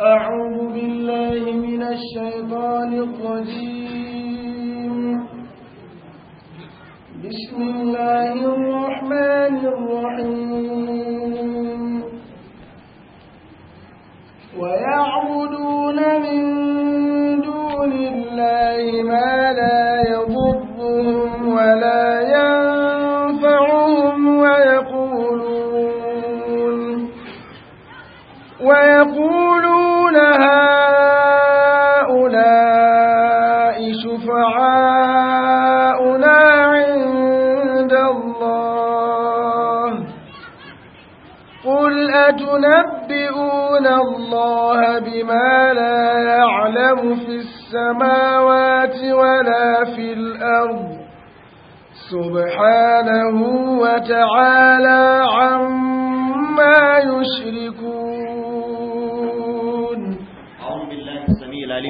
أعوذ بالله من الشيطان الرجيم بسم الله الرحمن الرحيم ويعبدون من دون الله ما لا يقولون هؤلاء شفعاؤنا عند الله قل أتنبئون الله بما لا يعلم في السماوات ولا في الأرض سبحانه وتعالى عما يشركون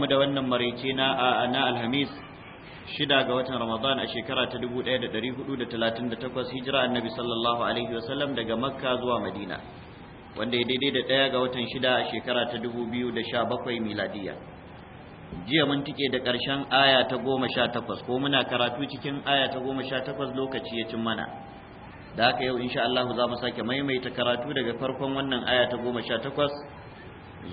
mu da wannan maraice na na alhamis shida ga watan ramadan a shekara ta 1438 hijira annabi sallallahu alaihi wasallam daga makka zuwa madina wanda ya daidai da ɗaya ga watan shida a shekara ta 2017 miladiya jiya mun tike da ƙarshen aya ta 18 ko muna karatu cikin aya ta 18 lokaci ya cin mana da haka yau insha Allah za mu sake maimaita karatu daga farkon wannan aya ta 18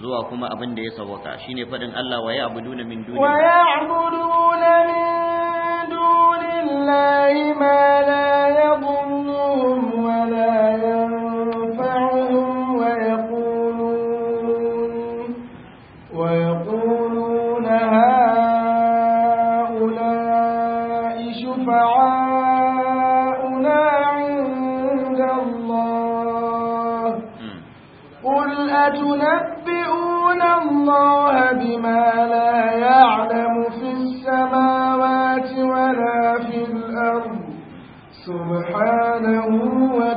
zuwa kuma abin da ya sawwaka shine fadin Allah wa ya'buduna min duni wa ya'buduna min dunillahi ma la yaqul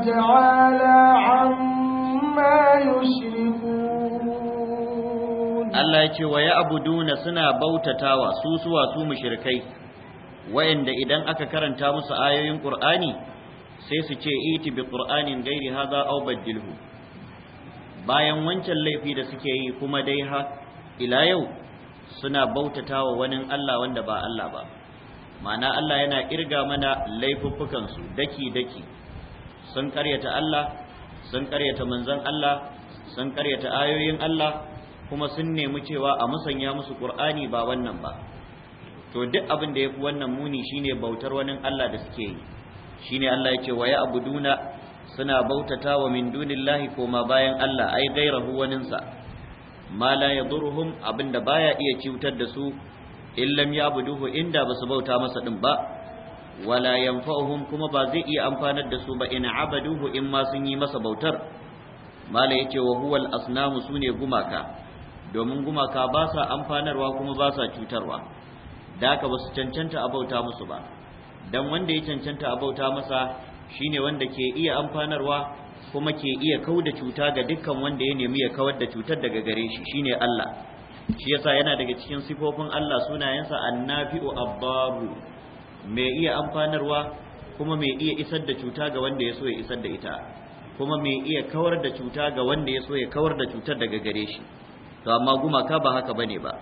تعالى عما يشركون الله يكي دون سنا بوتتاوى سوسوا سو مشركي اكا musu ayoyin كرنتا قراني سي قرآني سيسي ايتي بقرآن غير هذا او بدله bayan wancan laifi da suke yi kuma dai ha ila yau suna bautatawa wani Allah wanda ba Allah ba ma'ana Allah yana irga mana laifuffukansu daki-daki sun karyata Allah sun karyata manzan Allah sun karyata ayoyin Allah kuma sun nemi cewa a musanya musu Qur'ani ba wannan ba to duk abin da ya fi wannan muni shine bautar wani Allah da suke yi shine Allah ya yake wa ya'buduna suna bautata wa min dunillahi koma bayan Allah ai gairahu waninsa ma la yadurhum abinda baya iya ciutar da su in lam ya'buduhu inda basu bauta masa ɗin ba wala yanfa'uhum kuma ba zai iya amfanar da su ba in abaduhu in ma sun yi masa bautar mala yace wa huwal asnamu sune gumaka domin gumaka ba sa amfanarwa kuma ba sa cutarwa da haka ba cancanta a bauta musu ba dan wanda ya cancanta a bauta masa shine wanda ke iya amfanarwa kuma ke iya kauda cuta ga dukkan wanda ya nemi ya kawar da cutar daga gare shi shine Allah shi yasa yana daga cikin sifofin Allah sunayensa annafi'u abbaru mai iya amfanarwa kuma mai iya isar da cuta ga wanda ya so ya isar da ita kuma mai iya kawar da cuta ga wanda ya so ya kawar da cutar daga gare shi to amma gumaka ba haka bane ba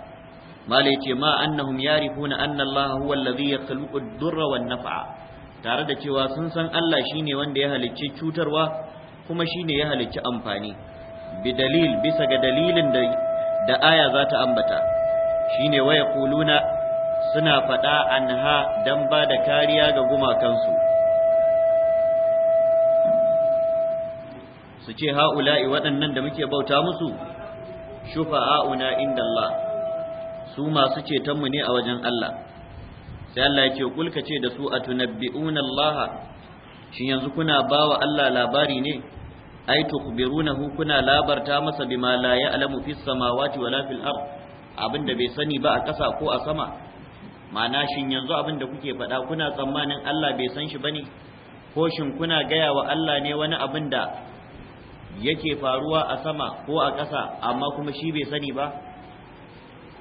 mala yace ma annahum yarifuna anna Allah huwa alladhi yakhluqu ad-durra wan naf'a tare da cewa sun san Allah shine wanda ya halicci cutarwa kuma shine ya halicci amfani bi dalil bisa ga dalilin da da aya za ta ambata shine waya kuluna suna faɗa anha don ba da kariya ga gumakansu su ce ha'ula'i waɗannan da muke bauta musu shufa'a'una inda Allah su masu cetonmu ne a wajen Allah sai Allah ya ce kulka ce da su a tunabbi'una Allah shi yanzu kuna wa Allah labari ne ai tukbirunahu kuna labarta masa bima la ya'lamu fis samawati wala fil ard abinda bai sani ba a ƙasa ko a sama ma'ana shin yanzu abin da kuke faɗa kuna tsammanin Allah bai san shi bane ko shin kuna gaya wa Allah ne wani abin da yake faruwa a sama ko a ƙasa amma kuma shi bai sani ba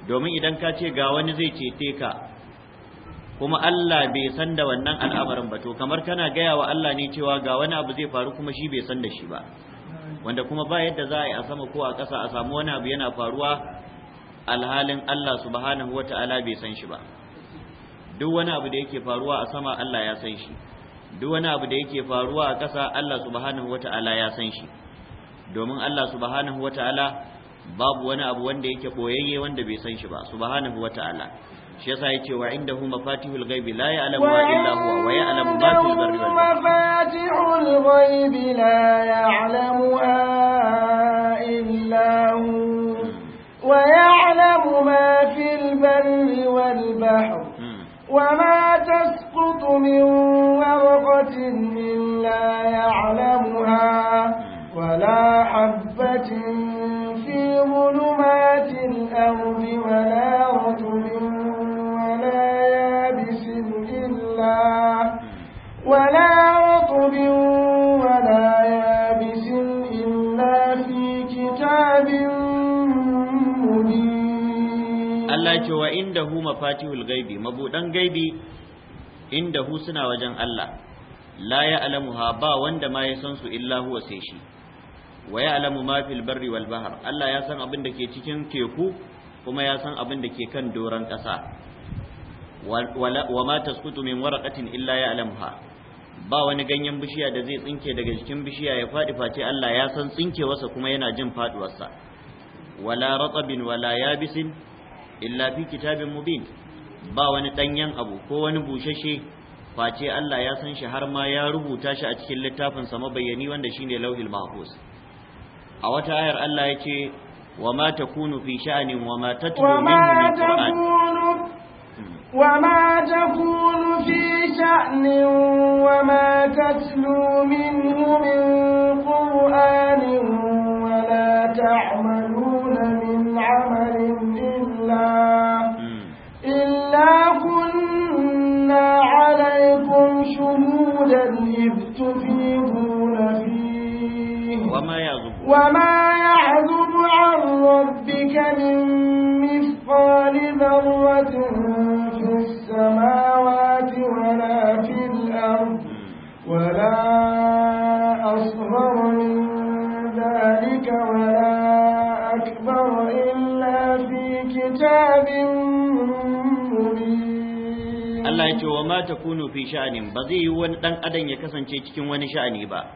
domin idan ka ce ga wani zai cete ka kuma Allah bai san da wannan al'amarin ba to kamar kana gaya wa Allah ne cewa ga wani abu zai faru kuma shi bai san da shi ba wanda kuma ba yadda za a yi a sama ko a ƙasa a samu wani abu yana faruwa alhalin Allah subhanahu wata'ala bai san shi ba duk wani abu da yake faruwa a sama Allah ya san shi duk wani abu da yake faruwa a ƙasa Allah subhanahu wata'ala ya san shi domin Allah subhanahu wata'ala babu wani abu wanda yake boyayye wanda bai san shi ba subhanahu wata'ala shi yasa yake wa indahu mafatihul ghaibi la ya'lamu illa huwa wa ya'lamu ma fil barri wal bahr mafatihul ghaibi la illa huwa wa ya'lamu ma fil barri wal bahr وما تسقط من ورقة إلا يعلمها ولا حبة في ظلمات الأرض ولا رتب ولا يابس إلا ولا رطب ولا يابس إلا في كتاب Allah ce wa indahu mafatihul gaibi mabudan gaibi hu suna wajen Allah la ya'lamuha ba wanda ma ya san su illa huwa sai shi wa ya'lamu ma fil barri wal bahr Allah ya san abin da ke cikin teku kuma ya san abin da ke kan doron ƙasa wa ma tasqutu min waraqatin illa ya'lamuha ba wani ganyen bishiya da zai tsinke daga cikin bishiya ya faɗi face Allah ya san tsinkewarsa kuma yana jin faɗuwarsa wala ratabin wala yabisin illa fi kitabin mubin ba wani danyen abu ko wani bushashe face Allah ya san shi har ma ya rubuta shi a cikin littafin sa mabayani wanda shine lauhil mahfuz a wata ayar Allah yake wa ma takunu fi sha'anin wa ma tatlu min qur'an وما تكون في شأن وما تتلو منه إِذَا كُنَّا عَلَيْكُمْ شُهُودًا إِذْ تُفِيضُونَ فِيهِ وَمَا يَعْذُبُ عَن رَّبِّكَ مِن Allah ya ce wa ma takunu fi sha'anin ba zai yi wani dan adam ya kasance cikin wani sha'ani ba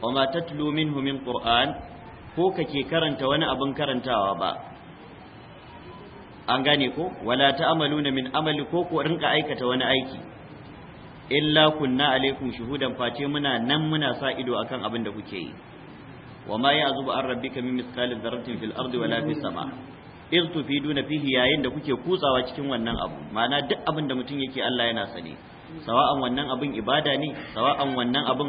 wa ma tatlu minhu min qur'an ko kake karanta wani abin karantawa ba an gane ko wala ta'maluna min amali ko ko rinka aikata wani aiki illa kunna alaikum shuhudan face muna nan muna sa ido akan abin da kuke yi wa ma ya'zubu an rabbika min mithqali dharratin fil ardi wala fis sama' iz tufiduna fihi yayin da kuke kutsawa cikin wannan abu ma'ana duk abin da mutum yake Allah yana sane sawa'an wannan abin ibada ne sawa'an wannan abin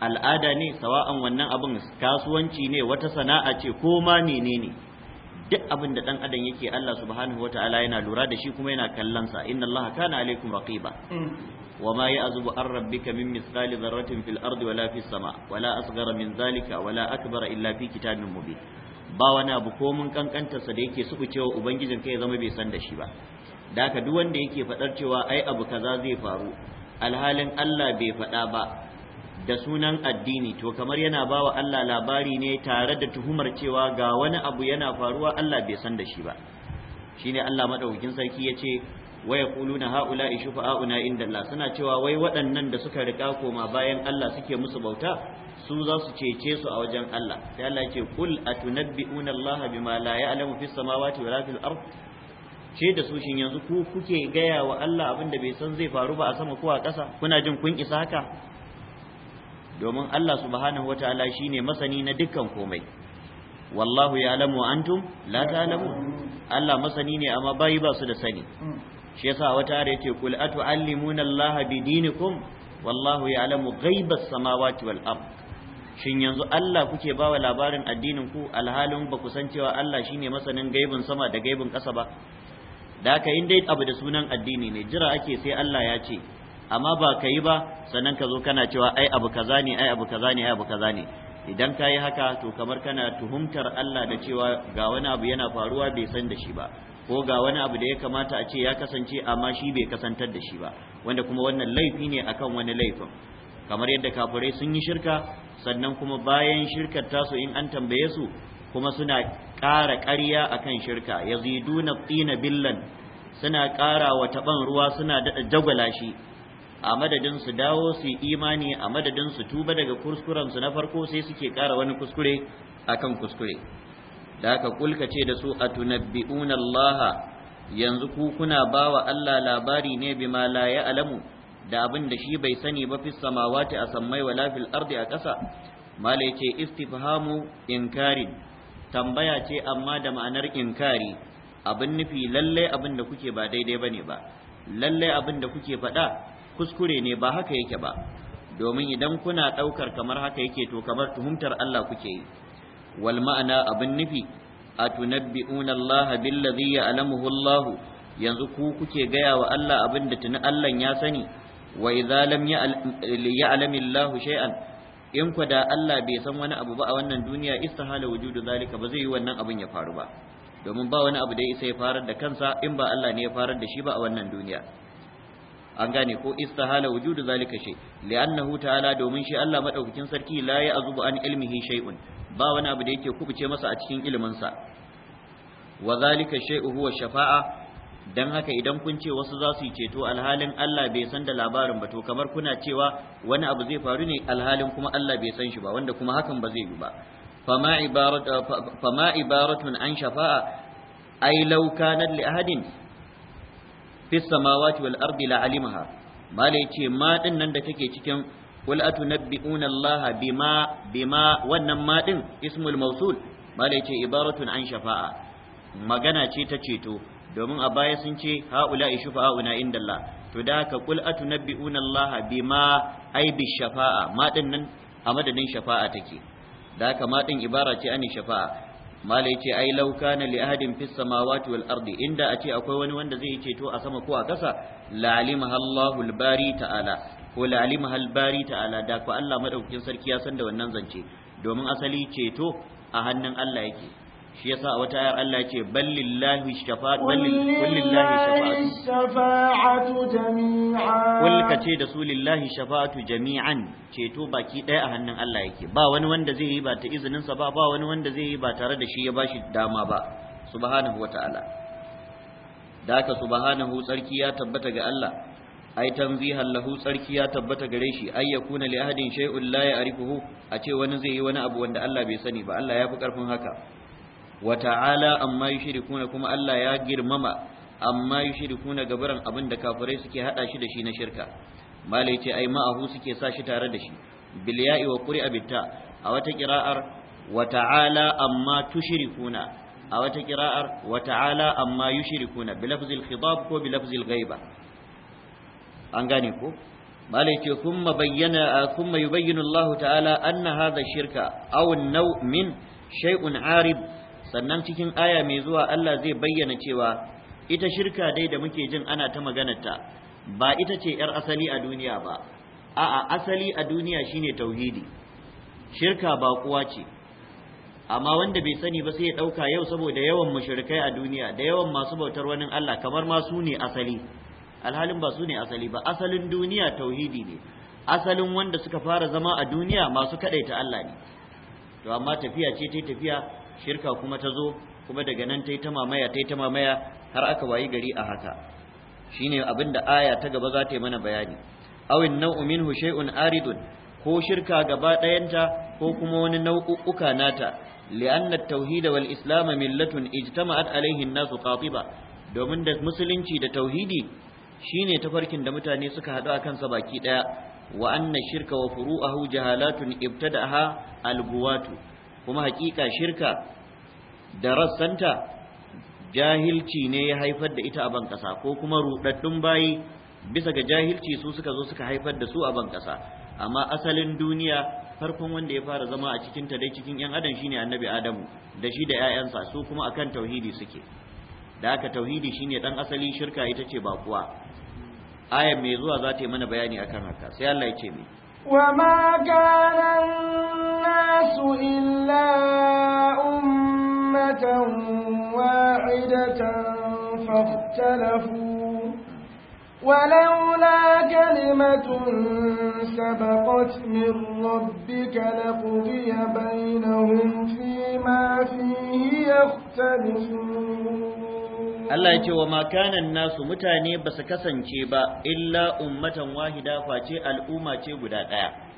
al'ada ne sawa'an wannan abin kasuwanci ne wata sana'a ce ko ma menene duk abin da dan adam yake Allah subhanahu wataala yana lura da shi kuma yana kallon sa inna Allah kana alaikum raqiba وما يعزب عن ربك من مثقال ذرة في الأرض ولا في السماء ولا أصغر من ذلك ولا أكبر إلا في كتاب مبين ba wani abu ko mun kankantarsa da yake suku cewa ubangijin kai ya zama bai san da shi ba da haka duk wanda yake faɗar cewa ai abu kaza zai faru alhalin Allah bai faɗa ba da sunan addini to kamar yana bawa Allah labari ne tare da tuhumar cewa ga wani abu yana faruwa Allah bai san da shi ba shine Allah madaukakin sarki ya yace wa yaquluna haula shufa'auna inda Allah suna cewa wai waɗannan da suka rika koma bayan Allah suke musu bauta su za su cece su a wajen Allah sai Allah ce kul atunabbi'una Allah bima la ya'lamu fis samawati wala fil ard ce da su shin yanzu ku kuke gaya wa Allah abin da bai san zai faru ba a sama ko a ƙasa kuna jin kun isa haka domin Allah subhanahu wataala shine masani na dukkan komai wallahu ya'lamu wa antum la ta'lamun Allah masani ne amma bai ba su da sani shi yasa wata ayar yace kul atu'allimuna Allah bidinikum wallahu ya'lamu ghaibas samawati wal ard shin yanzu Allah kuke bawa labarin addinin ku alhalin ba ku san cewa Allah shine masanin gaibin sama da gaibin ƙasa ba da haka in dai abu da sunan addini ne jira ake sai Allah ya ce amma ba ka yi ba sannan ka zo kana cewa ai abu kaza ne ai abu kaza ne ai abu kaza ne idan ka yi haka to kamar kana tuhumtar Allah da cewa ga wani abu yana faruwa bai san da shi ba ko ga wani abu da ya kamata a ce ya kasance amma shi bai kasantar da shi ba wanda kuma wannan laifi ne akan wani laifin kamar yadda kafirai sun yi shirka sannan kuma bayan shirkar tasu in an tambaye su kuma suna ƙara ƙarya akan shirka yaziduna tsina billan suna ƙara wa taban ruwa suna daɗa jagwala shi a madadin su dawo su yi imani a madadin su tuba daga kuskurensu na farko sai suke ƙara wani kuskure akan kuskure da aka kulka ce da su a Allah yanzu ku kuna bawa Allah labari ne bima la ya'lamu da abin da shi bai sani ba fi samawati a sammai wa lafil ardi a ƙasa mala ce istifhamu inkari tambaya ce amma da ma'anar inkari abin nufi lalle abin da kuke ba daidai ba ne ba lalle abin da kuke faɗa kuskure ne ba haka yake ba domin idan kuna ɗaukar kamar haka yake to kamar tuhumtar Allah kuke yi wal ma'ana abin nufi a atunabbi'una Allah billadhi ya'lamuhu Allah yanzu ku kuke gaya wa Allah abin da tuni Allah ya sani wa idza lam ya'lam Allahu shay'an in ku da Allah bai san wani abu ba a wannan duniya istihala wujudu zalika ba zai yi wannan abin ya faru ba domin ba wani abu da isa ya farar da kansa in ba Allah ne ya farar da shi ba a wannan duniya an gane ko istihala wujudu zalika shi li'annahu ta'ala domin shi Allah madaukakin sarki la ya azubu an ilmihi shay'un ba wani abu da yake kubuce masa a cikin ilimin sa wa zalika shay'u huwa shafa'a dan haka idan kun ce wasu za su yi ceto alhalin Allah bai san da labarin ba to kamar kuna cewa wani abu zai faru ne alhalin kuma Allah bai san shi ba wanda kuma hakan ba zai yi ba fama ibaratun an shafa'a ai law kanat li ahadin fi samawati wal ardi la alimaha malai ce ma din nan da take cikin wal atunabbi'una Allah bima bima wannan ma din ismul mawsul malai ce ibaratun an shafa'a magana ce ta ceto domin a baya sun ce haula auna inda Allah to da haka kul atunabbi'una Allah bima ai bi shafa'a ma din nan a madadin shafa'a take da haka ma din ibara ce ani shafa'a malai ce ai law kana li ahadin fis samawati wal ardi inda a ce akwai wani wanda zai ce to a sama ko a kasa la alimaha Allahul bari ta'ala ko la alimaha al bari ta'ala da ko Allah madaukakin sarki ya san da wannan zance domin asali ceto a hannun Allah yake shi yasa wata ayar Allah ce ballillahi shafa'atu ballillahi shafa'atu jami'an kul kace da su lillahi shafa'atu jami'an ceto baki daya a hannun Allah yake ba wani wanda zai yi ba ta izinin sa ba ba wani wanda zai yi ba tare da shi ya bashi dama ba subhanahu wata'ala da haka subhanahu tsarki ya tabbata ga Allah ai tanzihan lahu tsarki ya tabbata gare shi ai yakuna li ahadin shay'un la ya'rifuhu a ce wani zai yi wani abu wanda Allah bai sani ba Allah ya fi karfin haka Wata ta'ala amma yushrikuna kuma Allah ya girmama amma yushrikuna gabaran abinda da kafirai suke hada shi da shi na shirka malai ce ai ma'ahu suke sa shi tare da shi bil ya'i wa quri'a bitta a wata qira'ar wa ta'ala wata qira'ar amma yushrikuna bi lafzil khidab ko bi lafzil an gane kuma kuma anna hadha shirka aw an min sannan cikin aya mai zuwa Allah zai bayyana cewa ita shirka dai da muke jin ana ta maganarta ba ita ce 'yar asali a duniya ba a'a asali a duniya shine tauhidi shirka ba kuwa ce amma wanda bai sani ba sai ya ɗauka yau saboda yawan mushrikai a duniya da yawan masu bautar wani Allah kamar ma su ne asali alhalin ba su ne asali ba asalin duniya tauhidi ne asalin wanda suka fara zama a duniya masu kaɗaita Allah ne to amma tafiya ce ta tafiya shirka kuma ta zo kuma daga nan ta yi ta mamaya ta yi ta mamaya har aka wayi gari a haka shine abin da aya ta gaba za ta yi mana bayani awin nau'u hushe shay'un aridun ko shirka gaba ɗayanta ko kuma wani nau'uka nata li'anna at-tauhid wal islam millatun ijtama'at alaihi nasu qatiba domin da musulunci da tauhidi shine farkin da mutane suka haɗu akan sa baki ɗaya wa anna shirka wa furu'ahu jahalatun ibtada'aha al-guwatu kuma hakika shirka da rassanta jahilci ne ya haifar da ita a ban ko kuma rudaddun bayi bisa ga jahilci su suka zo suka haifar da su a ban amma asalin duniya farkon wanda ya fara zama a cikinta dai cikin yan adam shine annabi adamu da shi da 'ya'yansa su kuma akan tauhidi suke da haka tauhidi shine dan asali shirka ita ce ba kuwa aya mai zuwa za ta yi mana bayani akan haka sai Allah ya ce mai wa ma الناس إلا أمة واحدة فاختلفوا ولولا كلمة سبقت من ربك لقضي بينهم فيما فيه يختلفون Allah ya ce wa makanan nasu mutane ba su kasance ba illa ummatan wahida face al'umma ce guda ɗaya.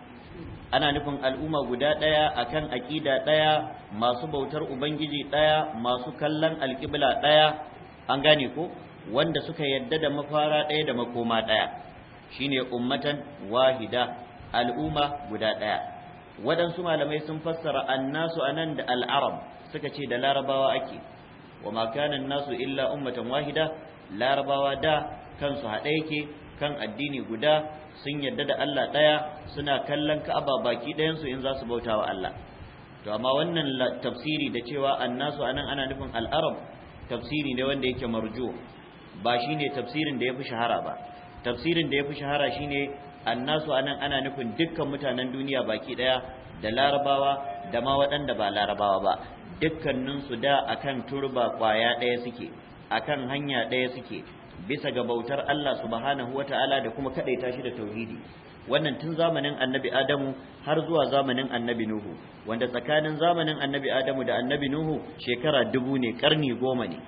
ana nufin al'umma guda ɗaya akan aƙida ɗaya masu bautar ubangiji ɗaya masu kallon alƙibla ɗaya an gane ko wanda suka yadda da mafara ɗaya da makoma ɗaya shine ummatan wahida al'umma guda ɗaya waɗansu malamai sun fassara annasu anan da al'arab suka ce da larabawa ake wa ma nasu illa ummatan wahida larabawa da kansu haɗa yake kan addini guda sun yadda da Allah ɗaya suna kallon Ka'aba baki ɗayansu in za su bauta wa Allah to amma wannan tafsiri da cewa annasu anan ana nufin al'arab tafsiri ne wanda yake marju ba shine tafsirin da yafi shahara ba tafsirin da yafi shahara shine annasu anan ana nufin dukkan mutanen duniya baki ɗaya da larabawa da ma waɗanda ba larabawa ba dukkaninsu da akan turba kwaya ɗaya suke akan hanya ɗaya suke bisa ga bautar Allah subhanahu wata'ala da kuma kadaita shi da tauhidi wannan tun zamanin annabi Adamu har zuwa zamanin annabi Nuhu wanda tsakanin zamanin annabi Adamu da annabi Nuhu shekara dubu ne karni goma ne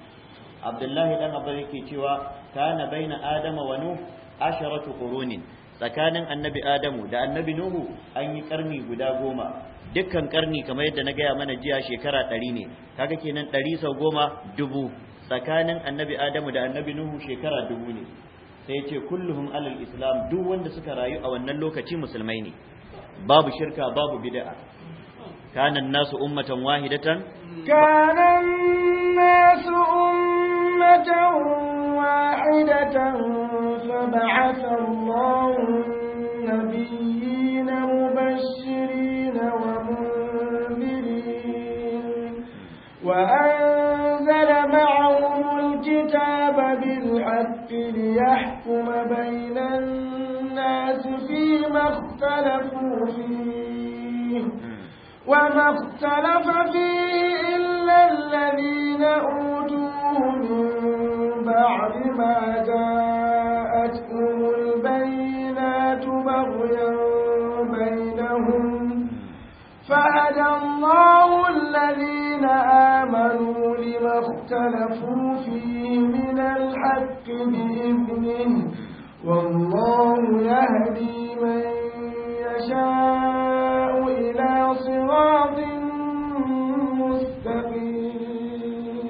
Abdullahi dan Abba yake cewa kana baina Adama wa Nuh asharatu qurunin tsakanin annabi Adamu da annabi Nuhu an yi karni guda goma dukkan karni kamar yadda na gaya mana jiya shekara ɗari ne kaga kenan ɗari sau goma dubu tsakanin annabi adamu da annabi nuhu shekara dubu ne sai ce kulluhum alal islam duk wanda suka rayu a wannan lokaci musulmai ne babu shirka babu bid'a kana nasu ummatan wahidatan kana nasu ummatan wahidatan Allahu الكتاب بالحق ليحكم بين الناس فيما اختلفوا فيه وما اختلف فيه إلا الذين أوتوه من بعد ما جاءتهم البينات بغيا بينهم فهدى الله الذين آمنوا لما اختلفوا فيه من الحق بإذنه والله يهدي من يشاء إلى صراط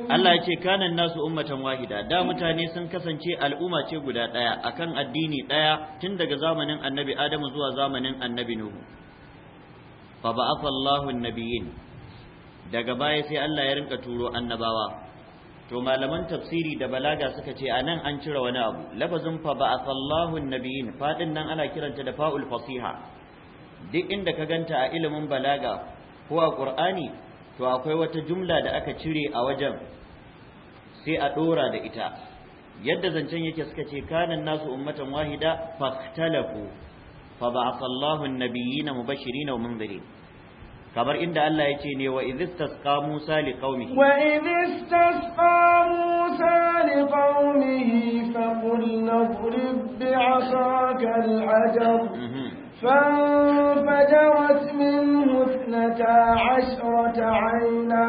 Allah ya ce kanan nasu ummatan wahida da mutane sun kasance al'umma ce guda ɗaya akan addini ɗaya tun daga zamanin annabi Adamu zuwa zamanin annabi Nuhu fa ba'atha Allahu an-nabiyyin daga baya sai Allah ya rinka turo annabawa to malaman tafsiri da balaga suka ce a nan an cire wani abu lafazin fa ba asallahu nabiyin fadin nan ana kiranta da fa'ul fasiha duk inda ka ganta a ilimin balaga ko a qur'ani to akwai wata jumla da aka cire a wajen sai a dora da ita yadda zancen yake suka ce kanan nasu ummatan wahida fahtalafu fa ba asallahu nabiyina mubashirin wa munzirin kamar inda Allah ya ce ne wa idh istasqa Musa li qaumihi wa idh istasqa Musa li qaumihi fa qulna idrib bi 'asaka al-ajr mhm. فانفجرت منه اثنتا عشرة عينا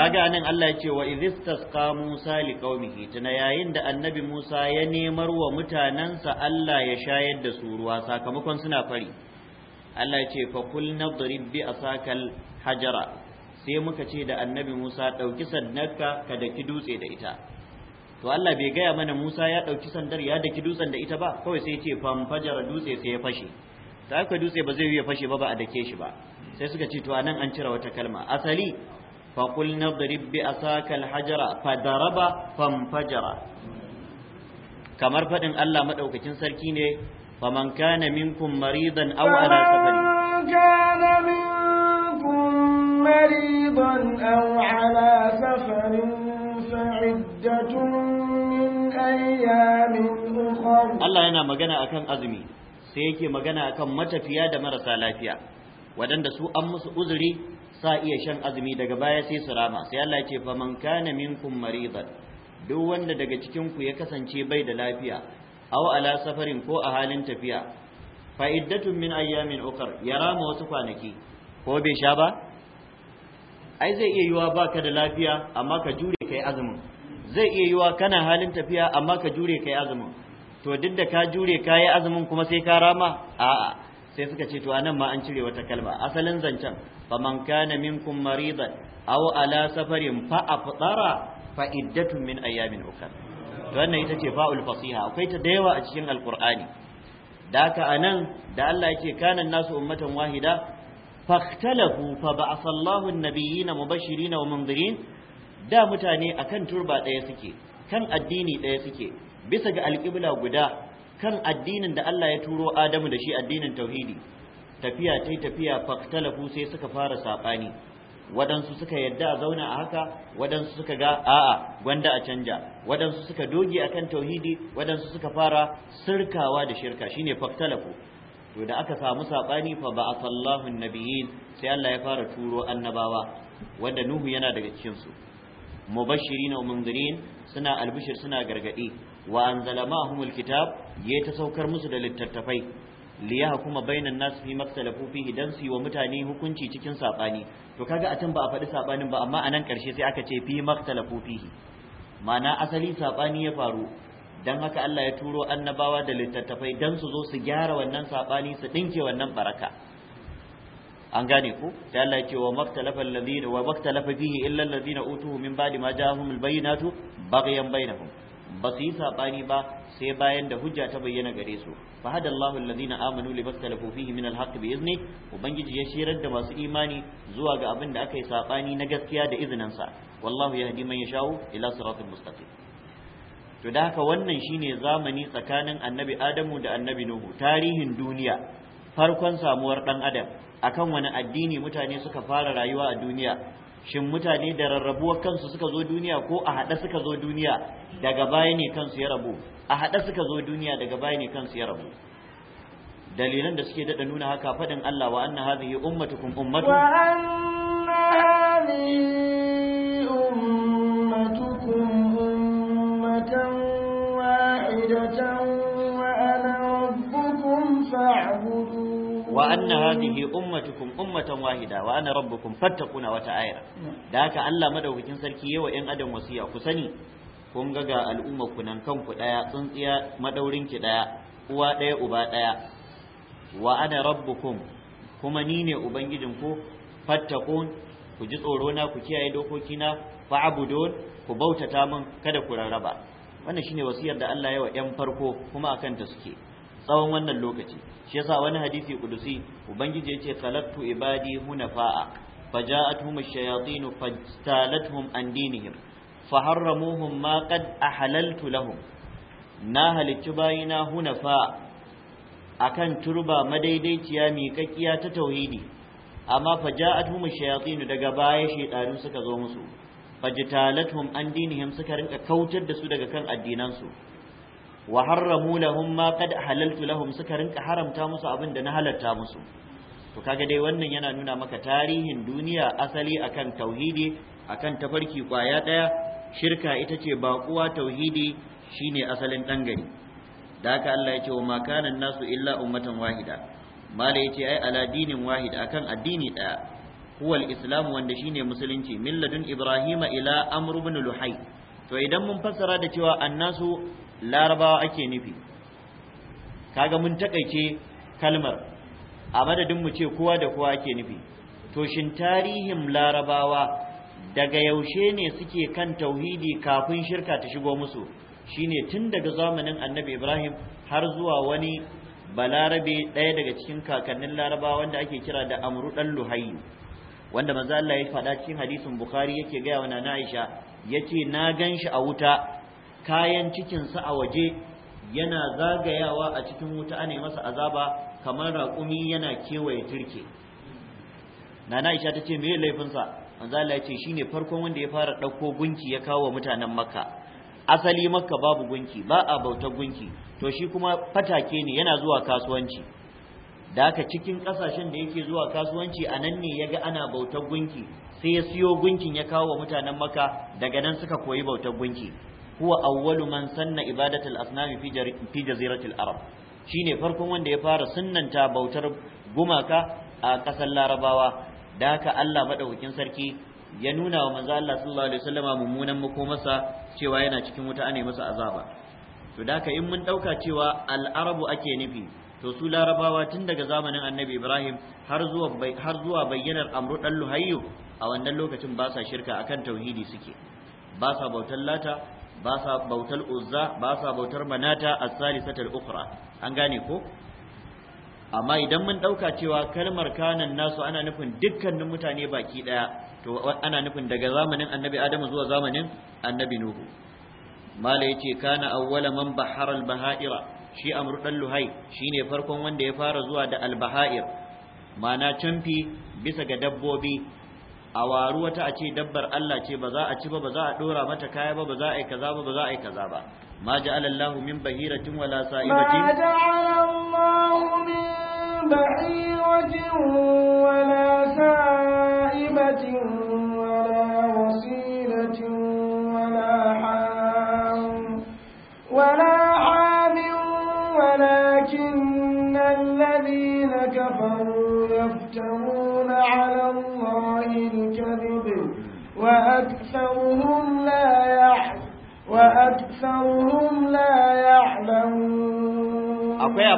kaga anan Allah ya ce wa idhistasqa Musa liqaumihi tana yayin da annabi Musa ya nemar wa mutanansa Allah ya shayar da su ruwa sakamakon suna fari Allah ce fa kul nadrib bi asakal hajara sai muka ce da annabi Musa dauki sandarka ka daki dutse da ita to Allah bai gaya mana Musa ya dauki sandar ya daki dutsen da ita ba kawai sai ce fa fajara dutse sai ya fashe ta aka dutse ba zai ya fashe ba ba a dake shi ba sai suka ce to anan an cira wata kalma asali fa kul nadrib bi asakal hajara fa daraba fa fajara kamar faɗin Allah maɗaukakin sarki ne فمن كان منكم مريضا أو على سفر كان منكم مريضا أو على سفر فعدة من أيام أخر الله ينا مغنى أكم أزمي سيكي متفيا دمر سالاتيا ودن su an musu uzuri sa iya shan azumi daga baya sai su rama sai Allah ya ce man kana minkum maridan duk wanda daga cikin ku ya kasance bai da lafiya aw ala safarin ko a halin tafiya fa iddatun min ayyamin ukar yara ma wasu kwanaki ko bai sha ba ai zai iya yiwa baka da lafiya amma ka jure kai azumin zai iya yiwa kana halin tafiya amma ka jure kai azumin to duk da ka jure ka yi azumin kuma sai ka rama a'a sai suka ce to anan ma an cire wata kalma asalin zancen faman kana minkum maridan aw ala safarin fa afdara fa iddatun min ayyamin ukar wannan ita ce fa'ul fasiha akwai ta da yawa a cikin alqur'ani da haka anan da Allah yake kanan nasu ummatan wahida fahtalafu fa ba'atha Allahu an-nabiyina mubashirin wa mundirin da mutane akan turba ɗaya suke kan addini ɗaya suke bisa ga alƙibla guda kan addinin da Allah ya turo Adamu da shi addinin tauhidi tafiya tai tafiya fahtalafu sai suka fara sabani waɗansu suka yadda a zauna a haka waɗansu suka ga a'a gwanda a canja waɗansu suka doge akan tauhidi waɗansu suka fara sirkawa da shirka shine faktalafu to da aka samu saɓani fa ba sallahu nabiyyin sai Allah ya fara turo annabawa wanda Nuhu yana daga cikin su mubashirin wa munzirin suna albishir suna gargadi wa anzala ma'humul kitab ya ta saukar musu da littattafai kuma bainan nasu fi maktalafu fihi dan su wa mutane hukunci cikin saɓani. to kaga a can ba a faɗi saɓani ba amma a nan ƙarshe sai aka ce fi maktalafu fihi ma'ana asali saɓani ya faru dan haka Allah ya turo annabawa da littattafai dan su zo su gyara wannan saɓani su ɗinke wannan baraka an gane ku sai Allah ya ce wa maktalafa alladhina wa maktalafa fihi illa alladhina utuhu min ba'di ma ja'ahum albayyinatu baghyan bainahum ba su yi saɓani ba sai bayan da hujja ta bayyana gare su fa hada Allahu allazina amanu li mastalafu fihi min alhaqqi bi izni ubangiji ya shirar da masu imani zuwa ga abin da aka yi saɓani na gaskiya da izinin sa wallahu yahdi man yashau ila siratal mustaqim to da haka wannan shine zamani tsakanin annabi Adamu da annabi Nuhu tarihin duniya farkon samuwar dan adam akan wani addini mutane suka fara rayuwa a duniya shin mutane da rarrabuwar kansu suka zo duniya ko a haɗe suka zo duniya daga baya ne kansu ya rabu a haɗa suka zo duniya daga baya ne kansu ya rabu dalilan da suke daɗa nuna haka faɗin Allah wa anna hadhihi ummatukum ummatun wa anna hadhihi inna hadhihi ummatukum ummatan wahida wa ana rabbukum fattaquna wata ayar da haka Allah madaukakin sarki yawa yan adam wasiya ku sani kun ga ga al'umma ku nan kanku daya tsuntsiya madaurin ki daya uwa daya uba daya wa ana rabbukum kuma ni ne ubangijin ku fattaqun ku ji tsoro na ku kiyaye dokoki na fa'budun ku bautata min kada ku rarraba wannan shine wasiyar da Allah yawa yan farko kuma akan ta suke tsawon wannan lokaci shi yasa wani hadisi kudusi ubangiji yace talattu ibadi hunafa'a faja'atuhum ash-shayatin fajtalathum an dinihim faharramuhum ma qad ahalaltu lahum na halicci bayina hunafa akan turba madaidaiciya miƙaƙiya ta tauhidi amma faja'atuhum ash-shayatin daga baya shaytanu suka zo musu fajtalathum an dinihim suka rinka kautar da su daga kan addinansu wa harramu lahum ma qad halaltu lahum suka rinka haramta musu abin da na halarta musu to kaga dai wannan yana nuna maka tarihin duniya asali akan tauhidi akan tafarki kwaya daya shirka ita ce baƙuwa tauhidi shine asalin dan gari da haka Allah ya ce wa ma kana nasu illa ummatan wahida mala yace ai ala dinin wahid akan addini daya huwa islam wanda shine musulunci milladun ibrahima ila amr ibn luhay to idan mun fassara da cewa annasu larabawa ake nufi kaga mun takaice kalmar a madadin mu ce kowa da kowa ake nufi to shin tarihin larabawa daga yaushe ne suke kan tauhidi kafin shirka ta shigo musu shine tun daga zamanin annabi ibrahim har zuwa wani balarabe ɗaya daga cikin kakannin larabawa wanda ake kira da amru ɗan luhayi wanda manzo Allah ya faɗa cikin hadisin bukhari yake gaya wa na aisha yace na ganshi a wuta kayan cikinsa a waje yana zagayawa a cikin wuta ana masa azaba kamar raƙumi yana kewaye turke nana isha ta ce mai laifinsa manzo Allah ya ce shine farkon wanda ya fara ɗauko gunki ya kawo mutanen makka asali makka babu gunki ba a bautar gunki to shi kuma fatake ne yana zuwa kasuwanci da haka cikin ƙasashen da yake zuwa kasuwanci a nan ne ya ga ana bautar gunki sai ya siyo gunkin ya kawo wa mutanen maka daga nan suka koyi bautar gunki huwa Auwalu man sanna ibadatul asnam fi jaziratil arab shine farkon wanda ya fara sunnanta bautar gumaka a ƙasar larabawa da haka Allah madaukakin sarki ya nuna wa maza Allah sallallahu alaihi wasallama mummunan makomarsa cewa yana cikin wuta ane masa azaba to da haka in mun ɗauka cewa al-arabu ake nufi to su larabawa tun daga zamanin annabi Ibrahim har zuwa har zuwa bayyanar amru dan luhayyu a wannan lokacin ba sa shirka akan tauhidi suke ba sa bautar lata ba sa bautar uzza ba sa bautar manata as-salisatul ukhra an gane ko amma idan mun dauka cewa kalmar kanan nasu ana nufin dukkanin mutane baki daya to ana nufin daga zamanin annabi adamu zuwa zamanin annabi nuhu mala yace kana awwala man bahar al-baha'ira shi amru dan luhai shine farkon wanda ya fara zuwa da al-baha'ir mana canfi bisa ga dabbobi a waru wata a ce dabbar Allah ce ba za a ci ba ba za a dora mata kaya ba ba za a yi kaza ba ba za a yi kaza ba ma ja'ala Allahu min bahiratin wala sa'ibatin ma ja'ala Allahu min bahiratin wala sa'ibatin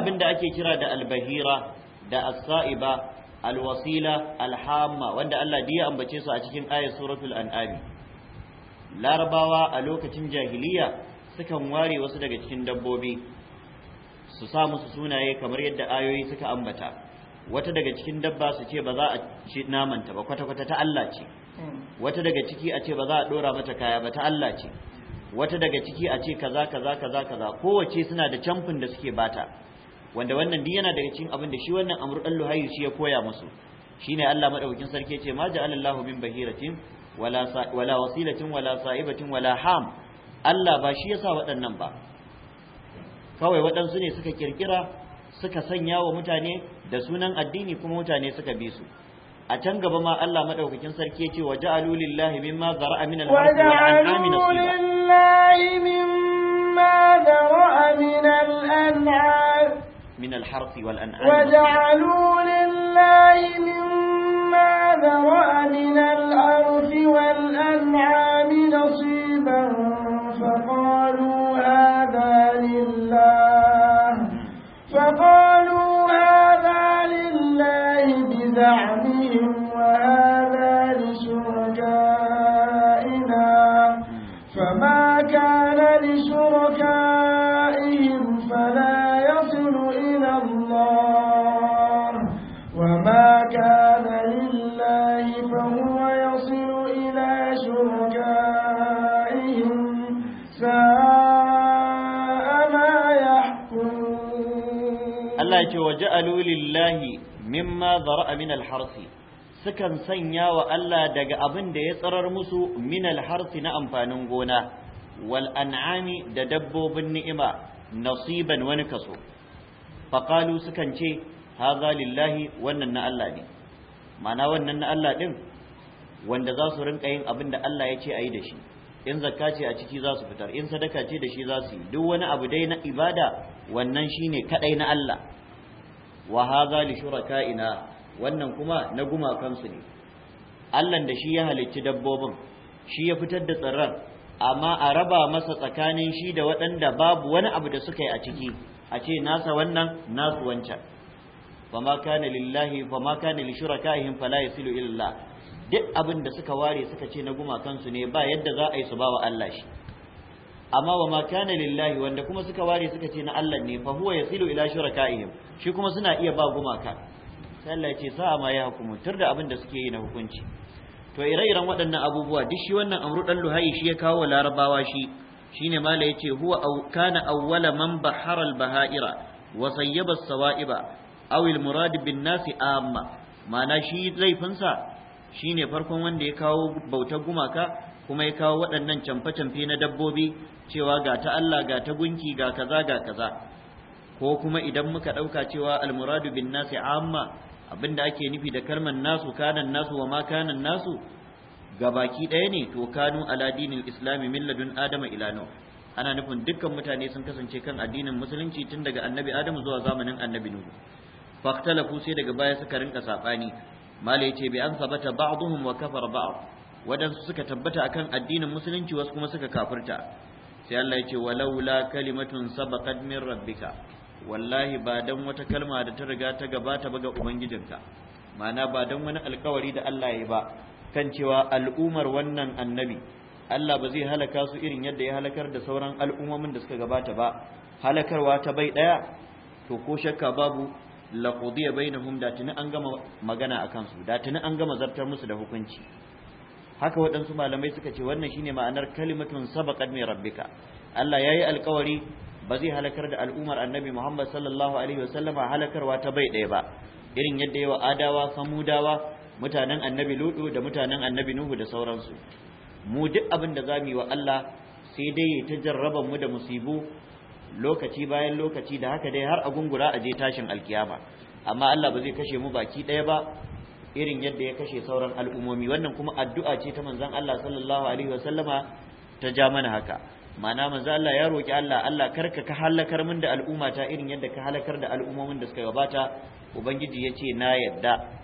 abin da ake kira da albahira da as-sa'iba alwasila alhamma wanda Allah ya ambace su a cikin ayat suratul an'am larabawa a lokacin jahiliya sukan ware wasu daga cikin dabbobi su sa musu sunaye kamar yadda ayoyi suka ambata wata daga cikin dabba su ce ba za a ci namanta ba kwata-kwata ta Allah ce wata daga ciki a ce ba za a dora mata kaya ba ta Allah ce wata daga ciki a ce kaza kaza kaza kaza kowace suna da camfin da suke bata wanda wannan din yana daga cikin abin da shi wannan amru dan luhayyu shi ya koya musu shine Allah madaukakin sarki ce ma ja'alallahu min bahiratin wala wala wasilatin wala sa'ibatin wala ham Allah ba shi yasa waɗannan ba kawai waɗansu ne suka kirkira suka sanya wa mutane da sunan addini kuma mutane suka bi su a can gaba ma Allah madaukakin sarki yace ce wa ja'alu lillahi mimma zara'a min al-ardi an'ami nasiba min من الحرث والأنعام وجعلوا لله مما ذرأ من الأرض والأنعام نصيبا فقالوا هذا لله فقالوا هذا لله بزعمهم وهذا لشركائنا فما كان لشركائنا إلى الله وما كان لله فهو يصل إلى شركائهم ساء ما يحكمون الله وجعلوا لله مما ذرأ من الحرث sukan sanya wa Allah daga abin da ya tsarar musu minal harsi na amfanin gona wal an'ami da dabbobin ni'ima nasiban wani kaso faƙalu sukan ce haza lillahi wannan na Allah ne mana wannan na Allah ɗin wanda za su rinka yin abin da Allah ya ce a yi da shi in zakka ce a ciki za su fitar in sadaka ce da shi za su yi duk wani abu dai na ibada wannan shine kaɗai na Allah wa haza li shuraka'ina wannan kuma na gumakansu ne Allah da shi ya halicci dabbobin shi ya fitar da tsirran amma a raba masa tsakanin shi da waɗanda babu wani abu da suka yi a ciki a ce nasa wannan nasu wancan fama kana lillahi fama kana li shuraka'ihim fala yasilu illa duk abin da suka ware suka ce na gumakan su ne ba yadda za a yi su ba wa Allah shi amma wa ma kana lillahi wanda kuma suka ware suka ce na Allah ne fa huwa yasilu ila shuraka'ihim shi kuma suna iya ba gumaka sai Allah ya ce sa ma ya hukumu da abin da suke yi na hukunci to ire-iren waɗannan abubuwa duk shi wannan amru dan luhayi shi ya kawo larabawa shi shine mala yace huwa aw kana awwala man bahara al bahaira wa sayyaba as sawaiba aw al murad bin nas amma mana shi laifinsa shine farkon wanda ya kawo bautar gumaka kuma ya kawo waɗannan camfe-camfe na dabbobi cewa ga ta Allah ga ta gunki ga kaza ga kaza ko kuma idan muka ɗauka cewa almuradu bin nas amma abinda ake nufi da kalmar nasu kanan nasu wa ma kanan nasu gabaki ɗaya ne to kanu ala dinil islami min ladun adama ila nuh ana nufin dukkan mutane sun kasance kan addinin musulunci tun daga annabi adamu zuwa zamanin annabi nuhu faktalafu sai daga baya suka rinka sabani malai ce bi an sabata ba'dhum wa kafara ba'd wadansu suka tabbata akan addinin musulunci wasu kuma suka kafirta sai Allah ya walaula kalimatun sabaqat min rabbika wallahi ba dan wata kalma da ta riga ta gabata ba ga ubangijinka ma'ana ba dan wani alkawari da Allah ya yi ba kan cewa al'umar wannan annabi Allah ba zai halaka su irin yadda ya halakar da sauran al'ummomin da suka gabata ba halakarwa ta bai daya to ko shakka babu laqudiya bainahum da tuni an gama magana akan su da tuni an gama zartar musu da hukunci haka waɗansu malamai suka ce wannan shine ma'anar kalimatun sabaqat min rabbika Allah yayi alƙawari ba zai halakar da al'ummar annabi Muhammad sallallahu alaihi wasallama halakarwa ta bai daya ba irin yadda yawa adawa samudawa mutanen annabi ludu da mutanen annabi nuhu da sauransu mu duk abin da zamu yi wa Allah sai dai ya ta jarraban mu da musibu lokaci bayan lokaci da haka dai har a gungura a je tashin alkiyama amma Allah ba zai kashe mu baki ɗaya ba irin yadda ya kashe sauran al'umomi wannan kuma addu'a ce ta manzon Allah sallallahu alaihi sallama ta ja mana haka ma'ana manzo Allah ya roki Allah Allah karka ka halakar min da al'umma ta irin yadda ka halakar da al'umomin da suka gabata ubangiji yace na yadda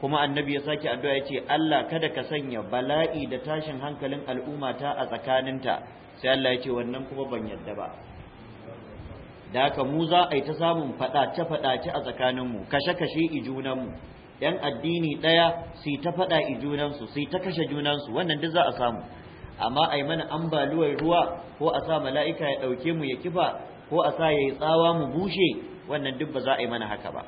kuma annabi ya sake addu'a ya ce Allah kada ka sanya bala'i da tashin hankalin al'ummata a tsakaninta sai Allah ya ce wannan kuma ban yadda ba da haka mu za a yi ta samun faɗace faɗace a tsakaninmu kashe kashe i junanmu yan addini ɗaya su ta fada i junansu su ta kashe junansu wannan duk za a samu amma ai yi mana ambaluwar ruwa ko a sa mala'ika ya dauke mu ya kifa ko a sa ya yi tsawa mu bushe wannan duk ba za a yi mana haka ba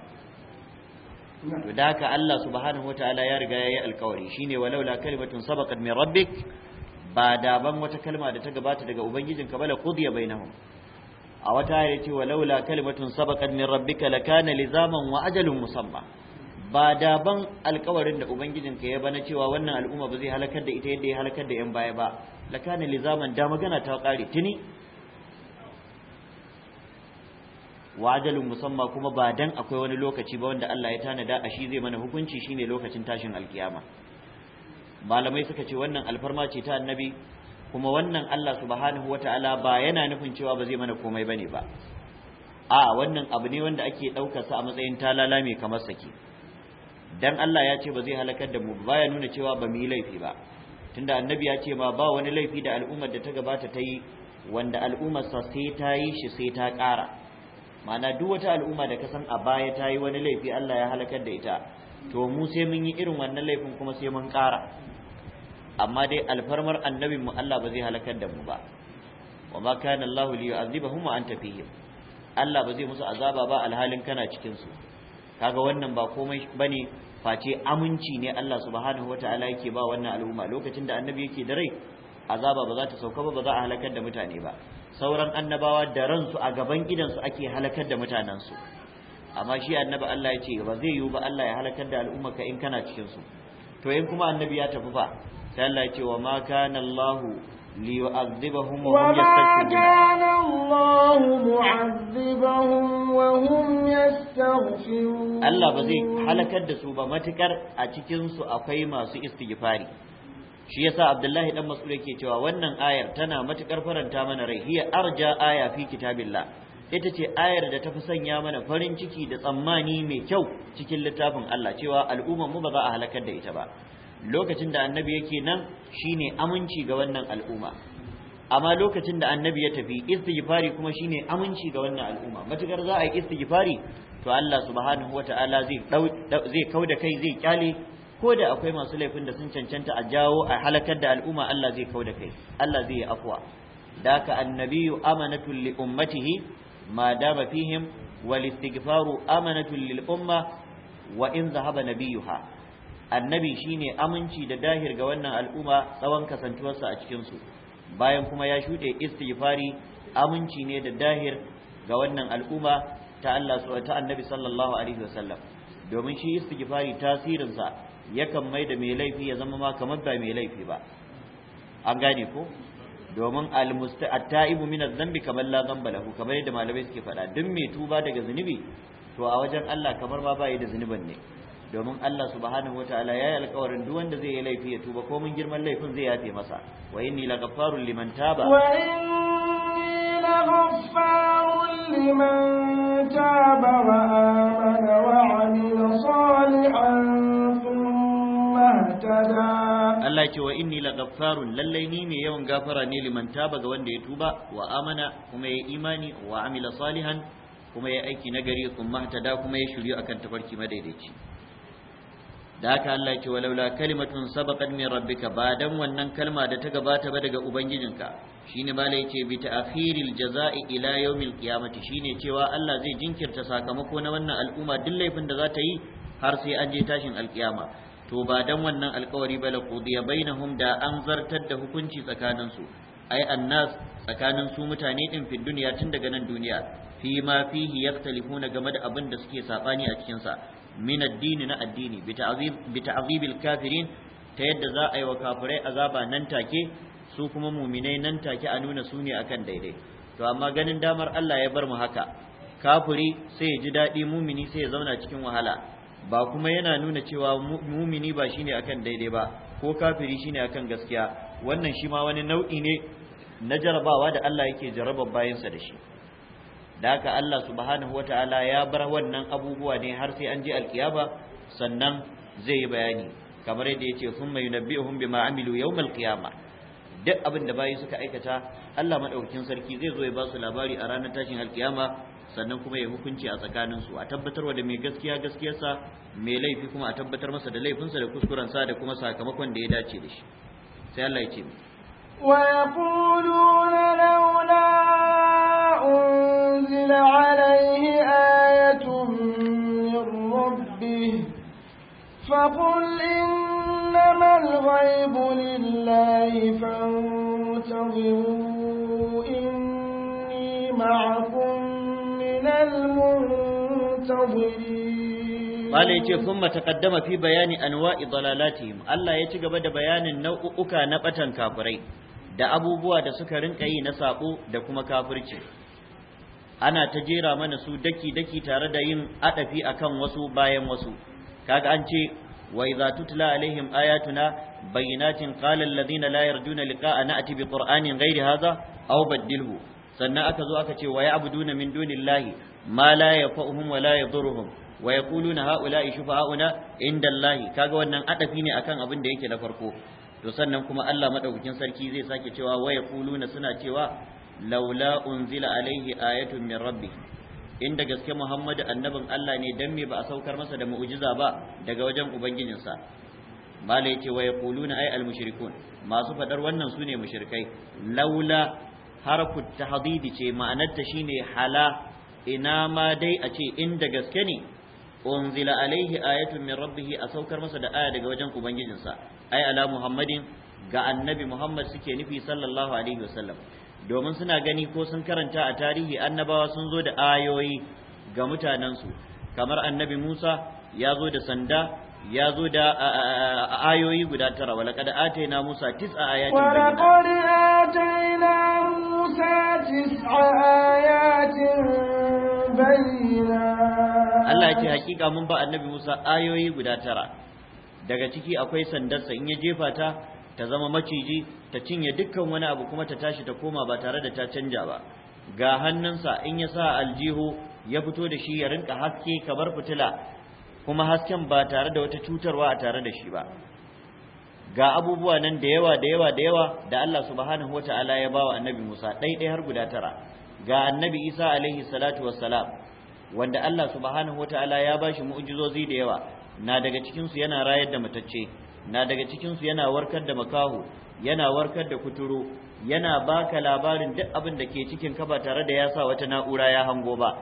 to da haka Allah subhanahu wataala ya riga yayi alƙawari shine walaula kalimatun sabaqat min rabbik ba da ban wata kalma da ta gabata daga ubangijinka bala qudiya bainahum a wata ayar yace walaula kalimatun sabaqat min rabbika lakana lizaman wa ajalun musamma ba da ban alƙawarin da ubangijinka ya bana cewa wannan al'umma ba zai halakar da ita yadda ya halakar da yan baya ba lakana lizaman da magana ta kare tuni Wajalin musamman musamma kuma ba dan akwai wani lokaci ba wanda Allah ya tanada a shi zai mana hukunci shi ne lokacin tashin alkiyama malamai suka ce wannan alfarma ce ta annabi kuma wannan Allah subhanahu wataala ba yana nufin cewa ba zai mana komai bane ba a wannan abu ne wanda ake daukar sa a matsayin talala mai kamar saki dan Allah ya ce ba zai halakar da mu ba ya nuna cewa ba mu yi laifi ba tunda annabi ya ce ma ba wani laifi da al'ummar da ta gabata ta yi wanda al'ummar sa sai ta yi shi sai ta ƙara ma'ana duk wata al'umma da ka san a baya ta yi wani laifi Allah ya halakar da ita to mu sai mun yi irin wannan laifin kuma sai mun ƙara amma dai alfarmar annabin mu Allah ba zai halakar da mu ba wa ma kana Allah li yu'adhibahum wa anta fihim Allah ba zai musu azaba ba alhalin kana cikin su kaga wannan ba komai bane face aminci ne Allah subhanahu wataala yake ba wannan al'umma lokacin da annabi yake da rai azaba ba za ta sauka ba ba za a halakar da mutane ba sauran annabawa da ransu a gaban gidansu ake halakar da mutanensu amma shi annabi Allah ya ce ba zai yiwu ba Allah ya halakar da al'umma ka in kana cikin su to in kuma annabi ya tafi ba, sai Allah ya ce wa ma kana Allah li yu'adhibahum wa hum yastaghfirun wa kana Allah mu'adhibahum wa hum yastaghfirun Allah ba zai halakar da su ba matukar a cikin su akwai masu istighfari shi yasa abdullahi dan mas'ud yake cewa wannan ayar tana matukar faranta mana rai hiya arja aya fi kitabillah ita ce ayar da ta fi sanya mana farin ciki da tsammani mai kyau cikin littafin Allah cewa al'ummar mu ba za a halakar da ita ba lokacin da annabi yake nan shine aminci ga wannan al'umma amma lokacin da annabi ya tafi istighfari kuma shine aminci ga wannan al'umma matukar za a yi istighfari to Allah subhanahu wataala zai zai kauda kai zai kyale ko da akwai masu laifin da sun cancanta a jawo a halakar da al'umma Allah zai kau da kai Allah zai yi afwa da ka annabiyu amanatu li ummatihi ma dama fihim wal istighfaru amanatu lil umma wa in zahaba nabiyuha annabi shine aminci da dahir ga wannan al'umma tsawon kasantuwarsa a cikin su bayan kuma ya shude istighfari aminci ne da dahir ga wannan al'umma ta Allah ta annabi sallallahu alaihi wasallam domin shi istighfari tasirinsa yakan mai da mai laifi ya zama ma kamar ba mai laifi ba an gane ko domin at-ta'ibu min adh-dhanbi kamar la dhanba lahu kamar yadda malamai suke faɗa duk mai tuba daga zunubi to a wajen Allah kamar ma bai da zunuban ne domin Allah subhanahu wataala yayi yi alƙawarin duk wanda zai yi laifi ya tuba ko mun girman laifin zai yafe masa wa inni laghaffarun liman taba wa inni laghaffarun liman taba wa amana wa amila salihan tada Allah ce wa inni la ghaffarun lallai ni mai yawan gafara ne liman taba ga wanda ya tuba wa amana kuma ya imani wa amila salihan kuma ya aiki nagari kuma tada kuma ya shiryu akan tabarki madaidaici da haka Allah ke wa laula kalimatun sabaqat min rabbika ba dan wannan kalma da ta gabata ba daga ubangijinka shine ba lai ce bi ta'khiril jaza'i ila yawmil qiyamati shine cewa Allah zai jinkirta sakamako na wannan al'umma duk laifin da za ta yi har sai an je tashin alkiyama to ba dan wannan alkawari ba la qudiya bainahum da an zartar da hukunci tsakanin su ai annas tsakanin su mutane din fi duniya tun daga nan duniya fi ma fihi yaktalifuna game da abin da suke sabani a cikin sa min addini na addini bi ta'zib kafirin ta yadda za a yi wa kafirai azaba nan take su kuma muminai nan take a nuna su ne akan daidai to amma ganin damar Allah ya bar mu haka kafiri sai ya ji daɗi mumini sai ya zauna cikin wahala ba kuma yana nuna cewa mumini ba shine akan daidai ba ko kafiri shine akan gaskiya wannan shi ma wani nau'i ne na jarabawa da Allah yake jarabar bayansa da shi da haka Allah subhanahu wataala ya bar wannan abubuwa ne har sai an je alkiyama sannan zai yi bayani kamar yadda yace thumma yunabbihum bima amilu yawm alqiyama duk abin da bayi suka aikata Allah madaukakin sarki zai zo ya ba su labari a ranar tashin alkiyama sannan kuma ya hukunci a tsakaninsu a tabbatarwa da mai gaskiya gaskiyarsa mai laifi kuma a tabbatar masa da laifinsa da kuskurensa da kuma sakamakon da ya dace da shi sai Allah ya ce ويقولون لولا أنزل عليه آية من ربه فقل إنما الغيب لله فانتظروا إني معكم من المنتظرين قال يجي ثم تقدم في بيان ya ضلالاتهم الله da bayanin nau'uka na batan كافرين da abubuwa da suka rinka yi na sako da kuma kafirci ana ta jera mana su daki-daki tare da yin adafi akan wasu bayan wasu kaga an ce wa idza tutla alaihim ayatuna bayyinatin qala alladhina la yarjuna liqa'a na'ti bi qur'anin ghairi hadha aw baddilhu sannan aka zo aka ce wa abuduna min dunillahi ma la yafa'uhum wa la yadhurruhum wa yaquluna ha'ula'i inda indallahi kaga wannan adafi ne akan abin da yake na farko to sannan kuma Allah madaukakin sarki zai sake cewa wa yaquluna suna cewa laula unzila alaihi ayatun min rabbi. inda gaske Muhammadu annabin Allah ne dan me ba a saukar masa da mu'jiza ba daga wajen ubangijinsa mala yace wa yaquluna ay al mushrikun masu fadar wannan sune mushrikai laula harfu tahdidi ce ma'anarta shine hala ina ma dai a ce inda gaske ne unzila alaihi ayatun min rabbih a saukar masa da aya daga wajen ubangijinsa ai ala muhammadin ga annabi muhammad suke nufi sallallahu alaihi wasallam domin suna gani ko sun karanta a tarihi annabawa sun zo da ayoyi ga mutanensu kamar annabi musa ya zo da sanda ya zo da ayoyi guda tara wala kada ataina musa tis'a ayatin bayyana wala qad ataina musa tis'a ayatin bayyana Allah ce hakika mun ba annabi Musa ayoyi guda tara daga ciki akwai sandarsa in ya jefa ta ta zama maciji ta cinye dukkan wani abu kuma ta tashi ta koma ba tare da ta canja ba ga hannunsa in ya sa aljihu ya fito da shi ya rinka haske kamar fitila kuma hasken ba tare da wata cutarwa a tare da shi ba ga abubuwa nan da yawa da yawa da yawa da Allah subhanahu wata'ala ya bawa annabi Musa ɗaiɗai har guda tara ga annabi Isa alaihi salatu wassalam wanda Allah subhanahu wata'ala ya ba shi mu'jizozi da yawa na daga cikin yana rayar da matacce na daga cikinsu yana warkar da makaho yana warkar da kuturu yana baka labarin duk abin da ke cikin kaba tare da ya sa wata na'ura ya hango ba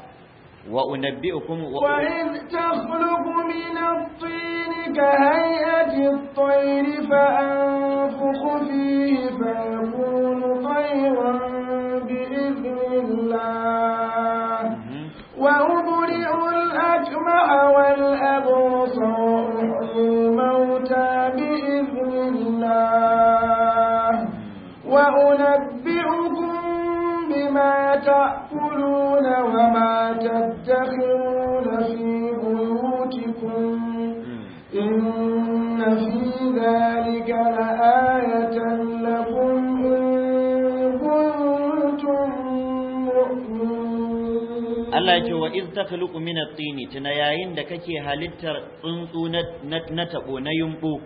وأنبئكم و... وإذ تخلق من الطين كهيئة الطير فأنت iz takhluqu min at-tini tuna yayin da kake halittar tsuntsu na na tabo na yumbu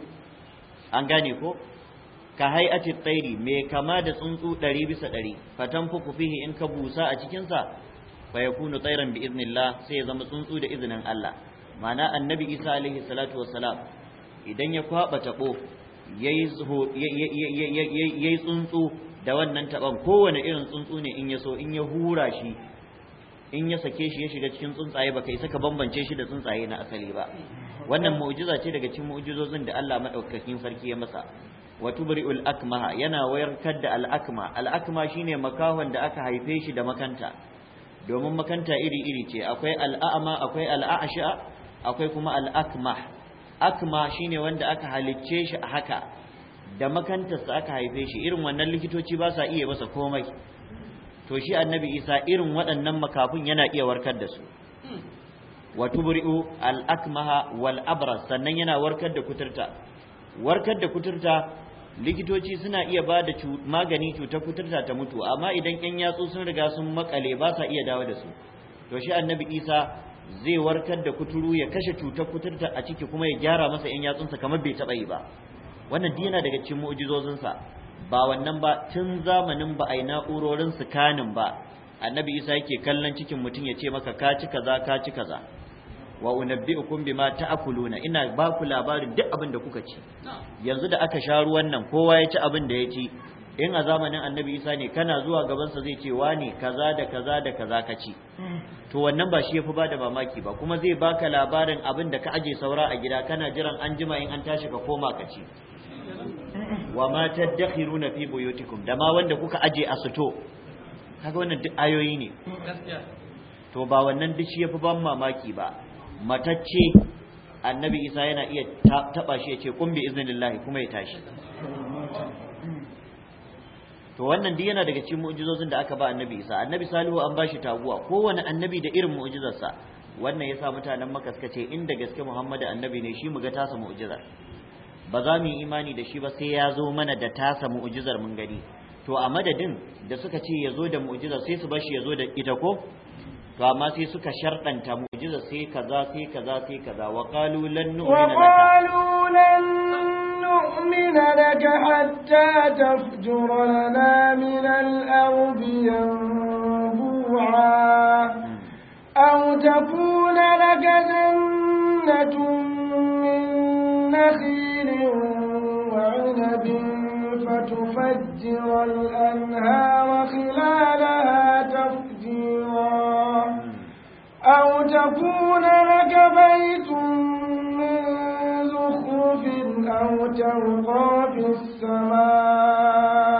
an gane ko ka hay'ati tsairi me kama da tsuntsu 100 bisa 100 fatan fuku fihi in ka busa a cikin sa fa yakunu tsairan bi iznillah sai ya zama tsuntsu da izinin Allah mana annabi Isa alaihi salatu wassalam idan ya kwaba tabo yayi tsuntsu da wannan taban kowane irin tsuntsu ne in ya so in ya hura shi in ya sake shi ya shiga cikin tsuntsaye baka isa ka bambance shi da tsuntsaye na asali ba wannan mu'jiza ce daga cikin mu'jizozin da Allah madaukakin sarki ya masa wa tubri'ul akma yana wayarkar da al'akma al'akma shine makahon da aka haife shi da makanta domin makanta iri iri ce akwai al'ama akwai al'asha akwai kuma al'akma akma shine wanda aka halicce shi a haka da makantarsa aka haife shi irin wannan likitoci ba sa iya masa komai to shi annabi isa irin waɗannan makafin yana iya warkar da su wa tubri'u al-akmaha wal abras sannan yana warkar da kuturta warkar da kuturta likitoci suna iya ba da magani cutar kuturta ta mutu amma idan yan yatsu sun riga sun makale ba sa iya dawo da su to shi annabi isa zai warkar da kuturu ya kashe cutar kuturta a ciki kuma ya gyara masa yan yatsunsa kamar bai taɓa yi ba wannan dina yana daga cikin mu'jizozinsa ba wannan ba tun zamanin ba a yi na'urorin sikanin ba annabi isa yake kallon cikin mutum ya ce maka ka ci kaza ka ci kaza wa unabbi'ukum bima ta'kuluna ina ba ku labarin duk abin da kuka ci yanzu da aka sha ruwan nan kowa ya ci abin da ya ci in a zamanin annabi isa ne kana zuwa gabansa zai ce wani kaza da kaza da kaza ka ci to wannan ba shi ya yafi bada mamaki ba kuma zai baka labarin abin da ka aje saura a gida kana jiran an jima in an tashi ka koma ka ci wa ma tadakhiruna fi buyutikum da ma wanda kuka aje a suto kaga wannan duk ayoyi ne to ba wannan duk shi yafi ban mamaki ba matacce annabi isa yana iya taba shi yace kun bi iznillahi kuma ya tashi to wannan duk yana daga cikin mu'jizozin da aka ba annabi isa annabi salihu an bashi taguwa kowane annabi da irin mu'jizarsa wannan yasa mutanen makka suka ce inda gaske muhammadu annabi ne shi mu ga tasa mu'jizar ba za mu yi imani da shi ba sai ya zo mana da tasa mu'ujizar mun gani to a madadin da suka ce ya zo da mu'ujizar sai su bar shi ya zo da ita ko to amma sai suka sharɗanta mu'ujizar sai kaza sai kaza sai kaza wa qalu lan nu'mina laka hatta tafjura lana min al-ardi yanbu'a aw takuna laka jannatun min نخيل وعنب فتفجر الأنهار خلالها تفجيرا أو تكون لك بيت من زخرف أو ترقى في السماء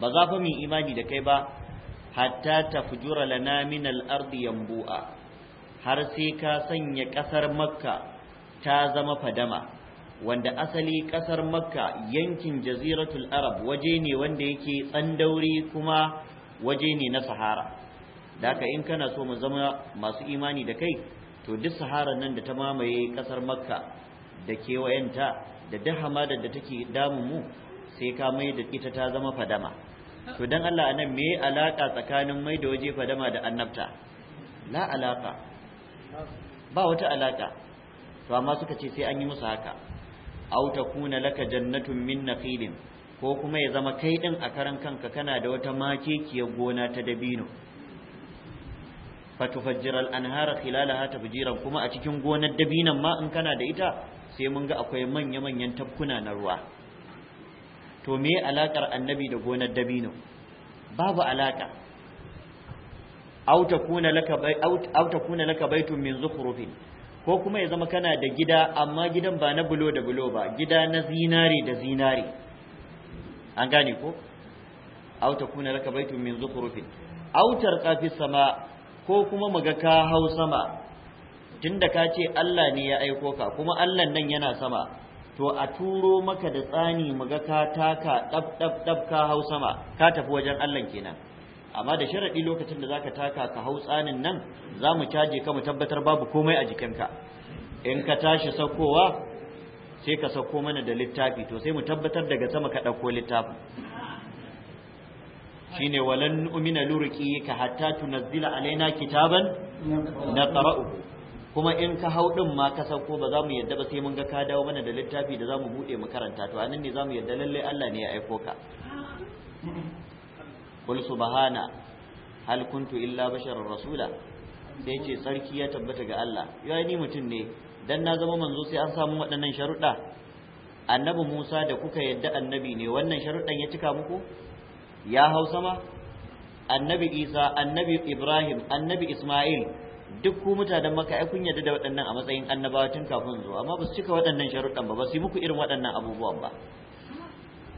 ba za fa mu imani da kai ba hatta tafjura lana min al ard yanbu'a har sai ka sanya kasar makka ta zama fadama wanda asali kasar makka yankin jaziratul arab waje ne wanda yake tsandauri kuma waje ne na sahara da haka in kana so mu zama masu imani da kai to duk saharar nan da ta mamaye kasar makka da kewayenta da duk hamadar da take damun mu sai ka mai da ita ta zama fadama to dan Allah anan me alaka tsakanin mai da waje fadama da annabta la alaka ba wata alaka to amma suka ce sai an yi musu haka aw takuna laka jannatun min nakhilin ko kuma ya zama kai din a karan kanka kana da wata makekiyar gona ta dabino fatufajjira al-anhara khilalaha tafjiran kuma a cikin gonar dabinan ma in kana da ita sai mun ga akwai manya-manyan tabkuna na ruwa to me alakar annabi da gonar dabino babu alaka au takuna laka laka baitun min zukhrufin ko kuma ya zama kana da gida amma gidan ba na bulo da bulo ba gida na zinare da zinare an gane ko au takuna laka baitun min zukhrufin au tarqa fi sama ko kuma muga ka hau sama tunda ka ce Allah ne ya aiko ka kuma Allah nan yana sama to a turo maka da tsani muga ka taka dab dab dab ka hau sama ka tafi wajen Allah kenan amma da sharadi lokacin da zaka taka ka hau tsanin nan zamu caje ka mu tabbatar babu komai a jikinka in ka tashi sakowa, sai ka sauko mana da littafi to sai mu tabbatar daga sama ka ɗauko littafi shine walan umina lurqi ka hatta tunzila alaina kitaban naqra'uhu kuma in ka hau din ma ka sauko ba za mu yadda ba sai mun ga ka dawo mana da littafi da za mu buɗe mu karanta to anan ne za mu yadda lalle Allah ne ya aiko ka kul subhana hal kuntu illa basharar rasula sai ce sarki ya tabbata ga Allah ya ni mutum ne dan na zama manzo sai an samu waɗannan sharuɗa annabi Musa da kuka yadda annabi ne wannan sharuɗan ya cika muku ya hau sama annabi Isa annabi Ibrahim annabi Ismail duk ku mutanen maka ai kun yarda da waɗannan a matsayin annabawa tun kafin zuwa amma ba su cika waɗannan sharuɗan ba ba su yi muku irin waɗannan abubuwan ba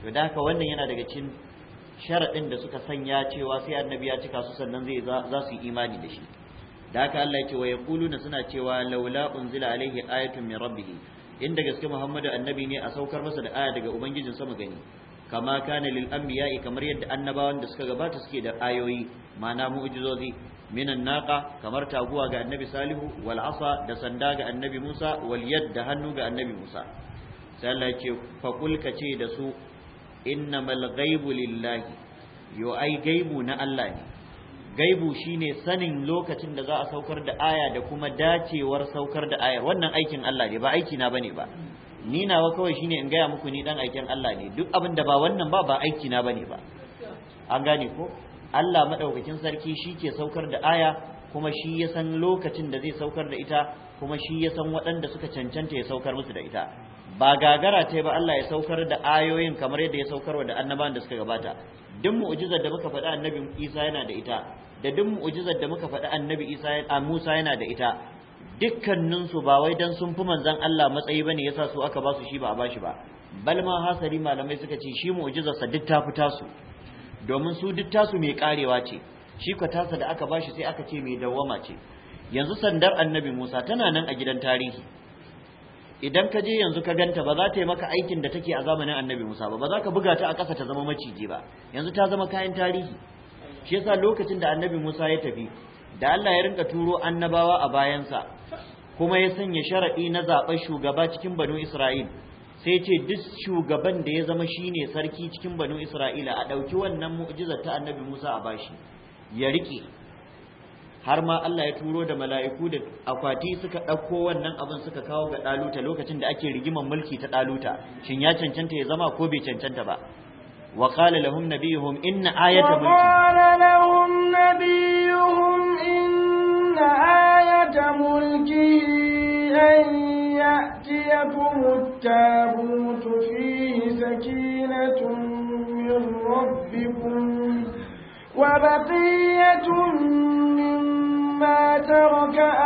to da haka wannan yana daga cikin sharaɗin da suka sanya cewa sai annabi ya cika su sannan zai za su yi imani da shi da haka Allah ya ce wa yaquluna suna cewa laula unzila alaihi ayatun min rabbih inda gaske Muhammadu annabi ne a saukar masa da aya daga ubangijin sama gani kama kana lil anbiya'i kamar yadda annabawan da suka gabata suke da ayoyi ma'ana mu'jizozi minan naqa kamar taguwa ga annabi salihu wal asa da sanda ga annabi musa wal da hannu ga annabi musa sai Allah ce fa ce da su innamal ghaibu lillahi yo ai gaibu na Allah ne gaibu shine sanin lokacin da za a saukar da aya da kuma dacewar saukar da aya. wannan aikin Allah ne ba aiki na bane ba ni nawa kawai shine in gaya muku ni dan aikin Allah ne duk abin da ba wannan ba ba aiki na bane ba an gane ko Allah madaukakin sarki shi ke saukar da aya kuma shi ya san lokacin da zai saukar da ita kuma shi ya san waɗanda suka cancanta ya saukar musu da ita ba gagara ta ba Allah ya saukar da ayoyin kamar yadda ya saukarwa da annabawan da suka gabata duk mu'jizar da muka faɗi annabi Isa yana da ita da duk mu'jizar da muka faɗi annabi Isa a Musa yana da ita dukkanin su ba wai dan sun fi manzon Allah matsayi bane yasa su aka ba su shi ba a bashi ba Balma hatsari hasari malamai suka ce shi mu'jizar sa duk ta fita su domin su duk tasu mai karewa ce shi ka tasa da aka bashi sai aka ce mai dawwama ce yanzu sandar annabi Musa tana nan a gidan tarihi idan ka je yanzu ka ganta ba za ta yi maka aikin da take a zamanin annabi Musa ba ba za ka buga ta a ƙasa ta zama maciji ba yanzu ta zama kayan tarihi shi yasa lokacin da annabi Musa ya tafi da Allah ya rinka turo annabawa a bayansa kuma ya sanya sharaɗi na zaɓar shugaba cikin banu Isra'il sai ce duk shugaban da ya zama shine sarki cikin banu isra'ila a ɗauki wannan mu'jizar ta annabi musa a bashi ya riƙe har ma Allah ya turo da mala'iku da akwati suka ɗauko wannan abin suka kawo ga ɗaluta lokacin da ake rigimar mulki ta ɗaluta shin ya cancanta ya zama ko bai cancanta ba وقال لهم نبيهم إن آية ayata mulki أن يأتيكم التابوت فيه سكينة من ربكم وبقية مما ترك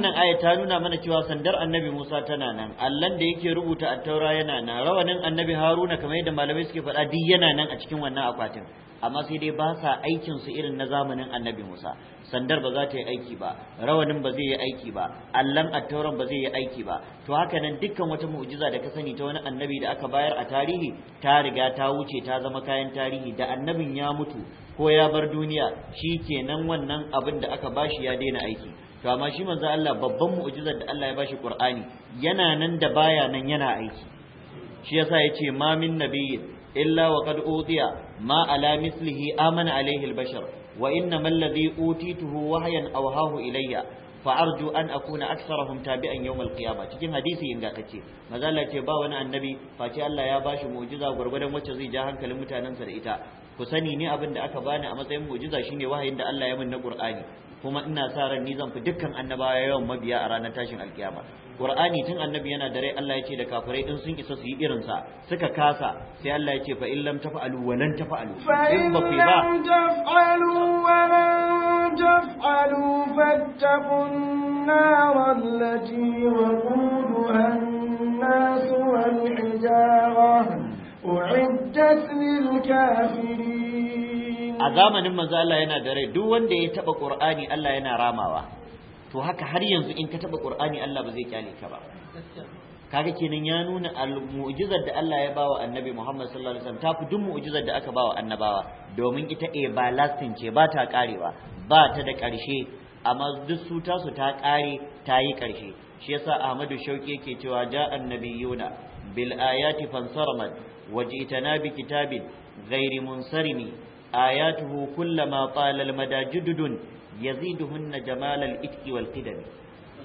wannan aya ta nuna mana cewa sandar annabi Musa tana nan allan da yake rubuta attaura yana nan rawanin annabi Haruna kamar yadda malamai suke faɗa duk yana nan a cikin wannan akwatin amma sai dai ba sa aikin su irin na zamanin annabi Musa sandar ba za ta yi aiki ba rawanin ba zai yi aiki ba allan attauran ba zai yi aiki ba to haka nan dukkan wata mu'jiza da ka sani ta wani annabi da aka bayar a tarihi ta riga ta wuce ta zama kayan tarihi da annabin ya mutu ko ya bar duniya shi kenan wannan abin da aka bashi ya daina aiki to amma shi manzo Allah babban mu'jizar da Allah ya bashi Qur'ani yana nan da baya nan yana aiki shi yasa yace ma min nabiyyi illa wa qad utiya ma ala mislihi amana alayhi al-bashar wa inna man ladhi utituhu wahyan awhahu ilayya fa arju an akuna aktharahum tabi'an yawm al-qiyamah cikin hadisi inda kace manzo Allah ce ba wani annabi face Allah ya bashi mu'jiza gurgurdan wacce zai ja hankalin mutanensa da ita ku sani ne abin da aka bani a matsayin mu'jiza shine wahayin da Allah ya min na Qur'ani kuma ina sa ran ni zan fi dukkan annabawa yawan mabiya a ranar tashin alkiyama qur'ani tun annabi yana da rai Allah ya ce da kafirai din sun isa su yi irin sa suka kasa sai Allah ya ce fa in taf'alu wa lan taf'alu in ba ku ba taf'alu wa lan taf'alu fattaqun nar allati waquduha an-nas wal hijara أعدت للكافرين a zamanin manzo Allah yana da rai duk wanda ya taba Qur'ani Allah yana ramawa to haka har yanzu in ka taba Qur'ani Allah ba zai kyale ka ba kaga kenan ya nuna mu'jizar da Allah ya bawa Annabi Muhammad sallallahu alaihi wasallam ta fi duk mu'jizar da aka bawa annabawa domin ita e ba lasting ce ba ta karewa ba ta da ƙarshe amma duk su ta su ta kare ta yi ƙarshe shi yasa Ahmadu Shauki yake cewa ja annabiyuna bil ayati fansaramat wajitana bi kitabin ghairi munsarimi آياته كلما طال المدى جدد يزيدهن جمال الإتك والقدم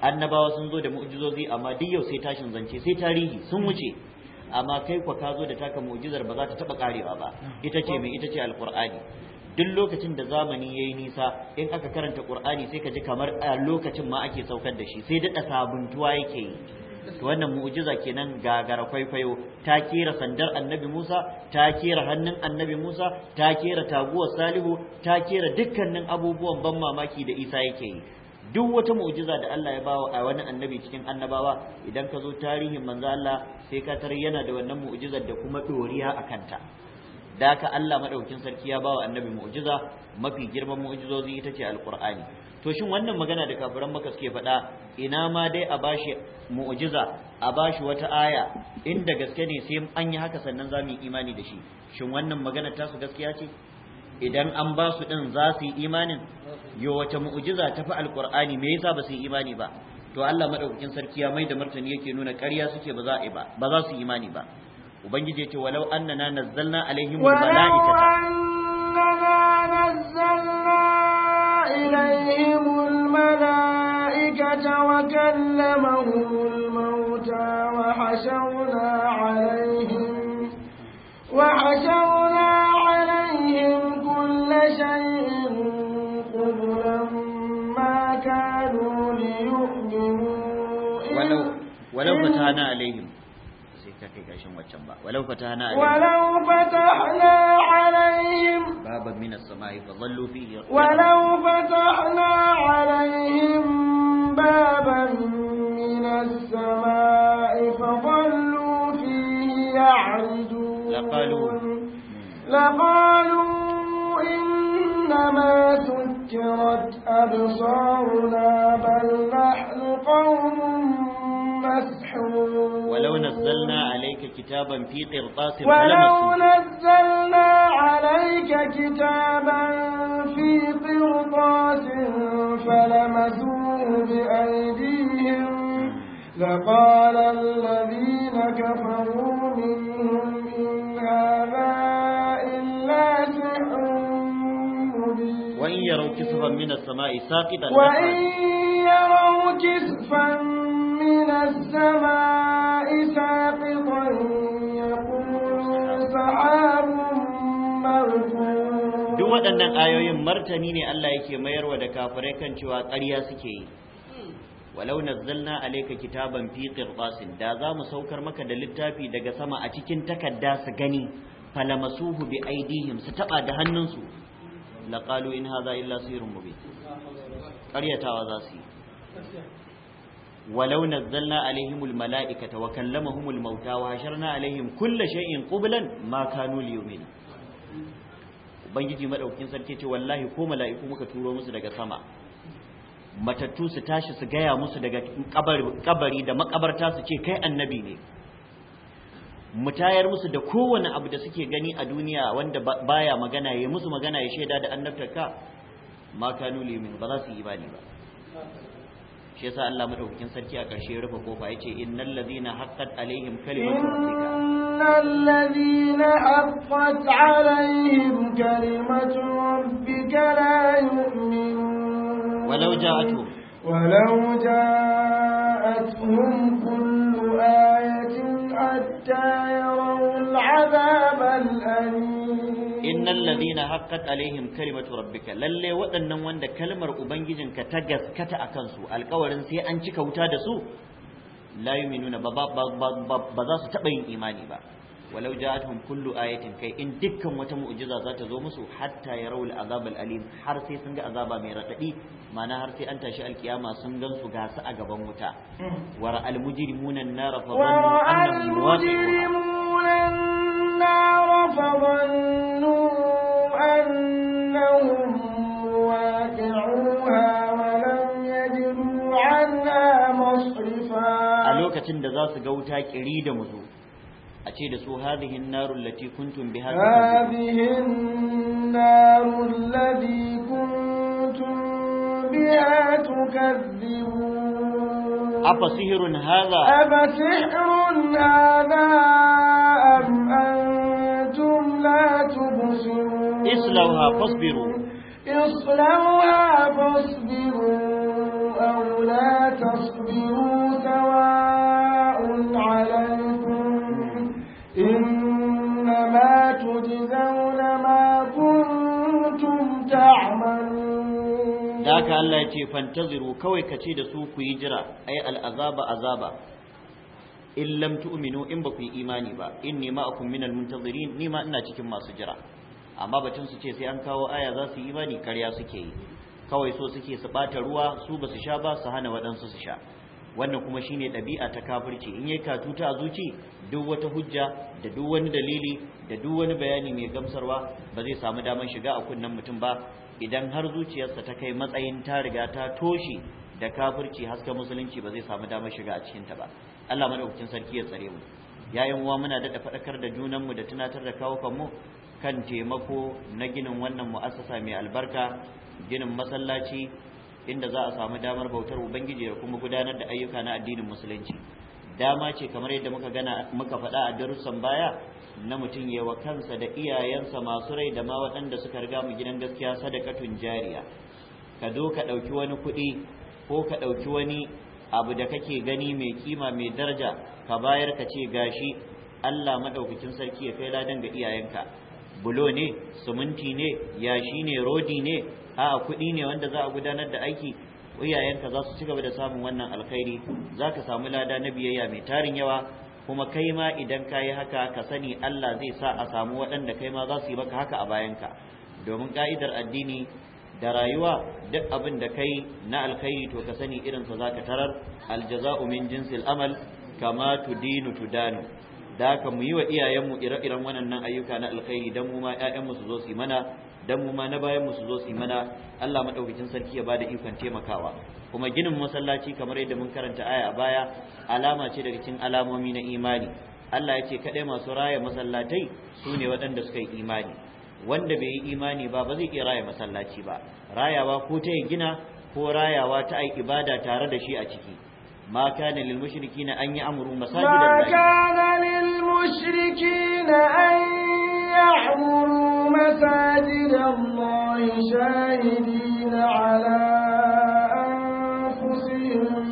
annabawa sun zo da mu'jizozi amma duk yau sai tashin zance sai tarihi sun wuce amma kai kwa ka zo da taka mu'jizar ba za ta taba karewa ba ita ce mai ita ce alqur'ani duk lokacin da zamani yayi nisa in aka karanta qur'ani sai ka ji kamar a lokacin ma ake saukar da shi sai daɗa sabuntuwa yake yi to wannan mu'jiza kenan gagara kwaikwayo ta kera sandar annabi Musa ta kera hannun annabi Musa ta kera taguwar Salihu ta kera dukkanin abubuwan ban mamaki da Isa yake yi duk wata mu'jiza da Allah ya bawa a wani annabi cikin annabawa idan ka zo tarihin manzo Allah sai ka tarar yana da wannan mu'jizar da kuma doriya a kanta da ka Allah madaukin sarki ya bawa annabi mu'jiza mafi girman mu'jizozi ita ce alqur'ani to shin wannan magana da kafiran maka suke faɗa ina ma dai a bashi mu'jiza a bashi wata aya inda gaske ne sai an yi haka sannan za mu yi imani da shi shin wannan magana tasu gaskiya ce idan an ba su din za su yi imanin yo wata mu'jiza tafi alqur'ani me yasa ba su yi imani ba to Allah madaukakin sarki ya mai da martani yake nuna ƙarya suke ba za a yi ba ba za su yi imani ba ubangiji ya ce walau annana nazzalna alaihim malaikata walau إليهم الملائكة وكلمهم الموتى وحشرنا عليهم وحشرنا عليهم كل شيء قبلا ما كانوا ليؤمنوا ولو ولو فتحنا عليهم sai ka kai karshen waccan ba walau fatahna walau fatahna alaihim baban min as-sama'i fa dhallu fihi walau fatahna alaihim baban min as-sama'i fa dhallu fihi ya'ridun laqalu laqalu إنما سكرت أبصارنا بل نحن قوم ولو نزلنا عليك كتابا في قرطاس ولو نزلنا عليك كتابا في قرطاس فلمسوه بأيديهم لقال الذين كفروا منهم إن هذا إلا سحر وإن يروا كسفا من السماء ساقطا وإن يروا كسفا من السماء ساقطا يقول سحاب duk waɗannan ayoyin martani ne Allah yake mayarwa da kafirai kan cewa ƙarya suke yi walau nazzalna alayka kitaban fi qirtasin da za mu saukar maka da littafi daga sama a cikin takarda su gani falamasuhu bi aidihim su taba da hannunsu laqalu in hadha illa sirrun mubin qaryatawa za su yi ولو نزلنا عليهم الملائكة وكلمهم الموتى وحشرنا عليهم كل شيء قبلا ما كانوا ليؤمن ubangiji madaukakin sarki ce wallahi ko mala'iku muka turo musu daga sama matattu su tashi su gaya musu daga kabari da makabarta su ce kai annabi ne Mutayar tayar musu da kowane abu da suke gani a duniya wanda baya magana ya musu magana ya shaida da annabtarka ma kanu limin ba za su yi bali ba shi yasa Allah madaukakin sarki a ƙarshe ya rufe kofa yace innal ladina haqqat alaihim kalimatu rabbika innal ladina haqqat alaihim kalimatu rabbika la yu'minun walau ja'atuhum walau ja'atuhum kullu ayatin hatta yarawul 'adhabal alim innal ladhina haqqat alaihim kalimatu rabbika lalle waɗannan wanda kalmar ubangijin ka ta gaskata akan su alƙawarin sai an cika wuta da su la yu'minuna ba ba za su taɓa yin imani ba walau ja'atuhum kullu ayatin kai in dukkan wata mu'jiza za ta zo musu hatta yarawul azab alim har sai sun ga azaba mai radadi ma'ana har sai an tashi alkiyama sun gan su gasu a gaban wuta wara almujrimuna an-nara fa dhannu annahum waqi'un النار فظنوا أنهم واجعوها ولم يجروا عنها مصرفا ألوك تندزا سقوتا كريدا مزو أتي دسو هذه النار التي كنتم بها هذه النار التي كنتم بها تكذبون أبا هذا أبسحر سهر هذا أم أنتم لا تبصرون اصلوها فاصبروا اصلوها فاصبروا أو لا تصبروا سواء عليكم إنما تجزون ما كنتم تعملون ذاك الله يتي فانتظروا كوي كتيد سوق يجرى أي الأذاب أذابا إن لم تؤمنوا إن بقي إيماني با إني ما أكون من المنتظرين muntazirin ni ma ina cikin amma batun su ce sai an kawo aya za su yi imani karya suke yi kawai so suke su bata ruwa su ba su sha ba su hana waɗansu su sha wannan kuma shi ne ɗabi'a ta kafirci in yi katuta a zuci duk wata hujja da duk wani dalili da duk wani bayani mai gamsarwa ba zai samu damar shiga a kunnen mutum ba idan har zuciyarsa ta kai matsayin ta riga ta toshe da kafirci haska musulunci ba zai samu damar shiga a cikin ta ba Allah madaukakin sarki ya tsare mu yayin uwa muna da faɗakar da junanmu da tunatar da kawukan mu kan taimako na ginin wannan mu'assasa mai albarka ginin masallaci inda za a samu damar bautar ubangiji da kuma gudanar da ayyuka na addinin musulunci dama ce kamar yadda muka gana muka faɗa a darussan baya na mutum yawa kansa da iyayensa masu rai da ma waɗanda suka riga mu gidan gaskiya sadakatun jariya ka zo ka ɗauki wani kuɗi ko ka ɗauki wani abu da kake gani mai kima mai daraja ka bayar ka ce gashi Allah madaukakin sarki ya kai ladan ga iyayenka bulo ne suminti ne yashi ne rodi ne a'a kuɗi ne wanda za a gudanar da aiki uyayenka za su ci gaba da samun wannan alkhairi za ka samu lada na biyayya mai tarin yawa kuma kai ma idan ka yi haka ka sani Allah zai sa a samu waɗanda kai ma za su yi maka haka a bayanka domin ka'idar addini da rayuwa duk abin da kai na alkhairi to ka sani irinsa za ka tarar aljaza'u min jinsil amal kama tudinu tudanu da haka mu yi wa iyayenmu ire-iren wannan ayyuka na alkhairi dan mu ma ƴaƴanmu su zo su mana dan mu ma na bayan mu su zo su yi mana Allah madaukakin sarki ya bada ikon taimakawa kuma ginin masallaci kamar yadda mun karanta aya a baya alama ce daga cikin alamomi na imani Allah ya ce kaɗai masu raya masallatai su ne waɗanda suka yi imani wanda bai yi imani ba ba zai iya raya masallaci ba rayawa ko ta gina ko rayawa ta ai ibada tare da shi a ciki ما كان للمشركين أن يعمروا مساجد الله ما كان للمشركين أن يعمروا مساجد الله شاهدين على أنفسهم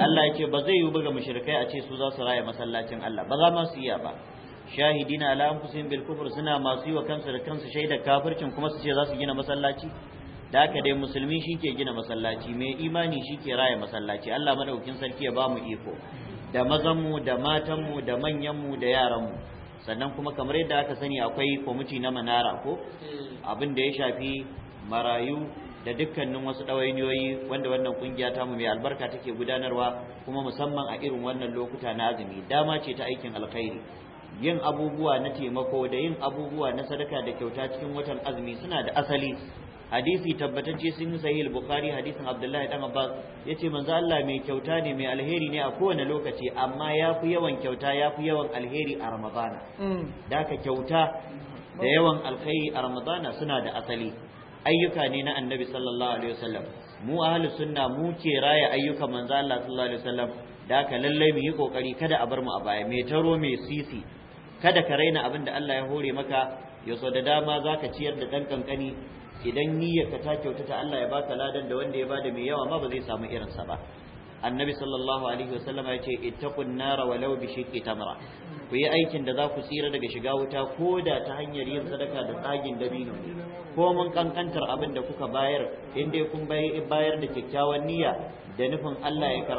Allah ya ce ba zai yi buga mushrikai a ce su za su raya masallacin Allah ba za ma su iya ba shahidina ala anfusihim bil kufr suna masu yi wa kansu da kansu shaida kafircin kuma su ce za su gina masallaci da haka dai musulmi shi ke gina masallaci mai imani shi ke raya masallaci Allah madaukin sarki ya ba mu iko da mazanmu da matanmu da manyanmu da yaranmu sannan kuma kamar yadda aka sani akwai kwamiti na manara ko abin da ya shafi marayu da dukkanin wasu ɗawainiyoyi wanda wannan kungiya ta mu mai albarka take gudanarwa kuma musamman a irin wannan lokuta na azumi dama ce ta aikin alkhairi yin abubuwa na taimako da yin abubuwa na sadaka da kyauta cikin watan azumi suna da asali hadisi tabbatacce sun yi sahih bukhari hadisin abdullahi dan abbas yace manzo Allah mai kyauta ne mai alheri ne a kowane lokaci amma yafi yawan kyauta yafi yawan alheri a ramadana mm. da ka kyauta da yawan alkhairi a ramadana suna da asali ayyuka ne na annabi sallallahu alaihi wasallam mu ahli sunna mu ke raya ayyukan manzo Allah sallallahu alaihi wasallam da ka lalle mu yi kokari kada a bar mu a baya mai taro mai sisi kada ka raina abin da Allah ya hore maka ya so da dama zaka ciyar da dan kankani idan niyyarka ta kyautata Allah ya baka ladan da wanda ya bada mai yawa ma ba zai samu irin sa ba annabi sallallahu alaihi wasallam ya ce ittaqun nara walau bi shiqqi tamra ku yi aikin da za ku tsira daga shiga wuta ko da ta hanyar yin sadaka da tsagin dabino ko mun kankantar abin da kuka bayar in dai kun bayar da kyakkyawan niyya da nufin Allah ya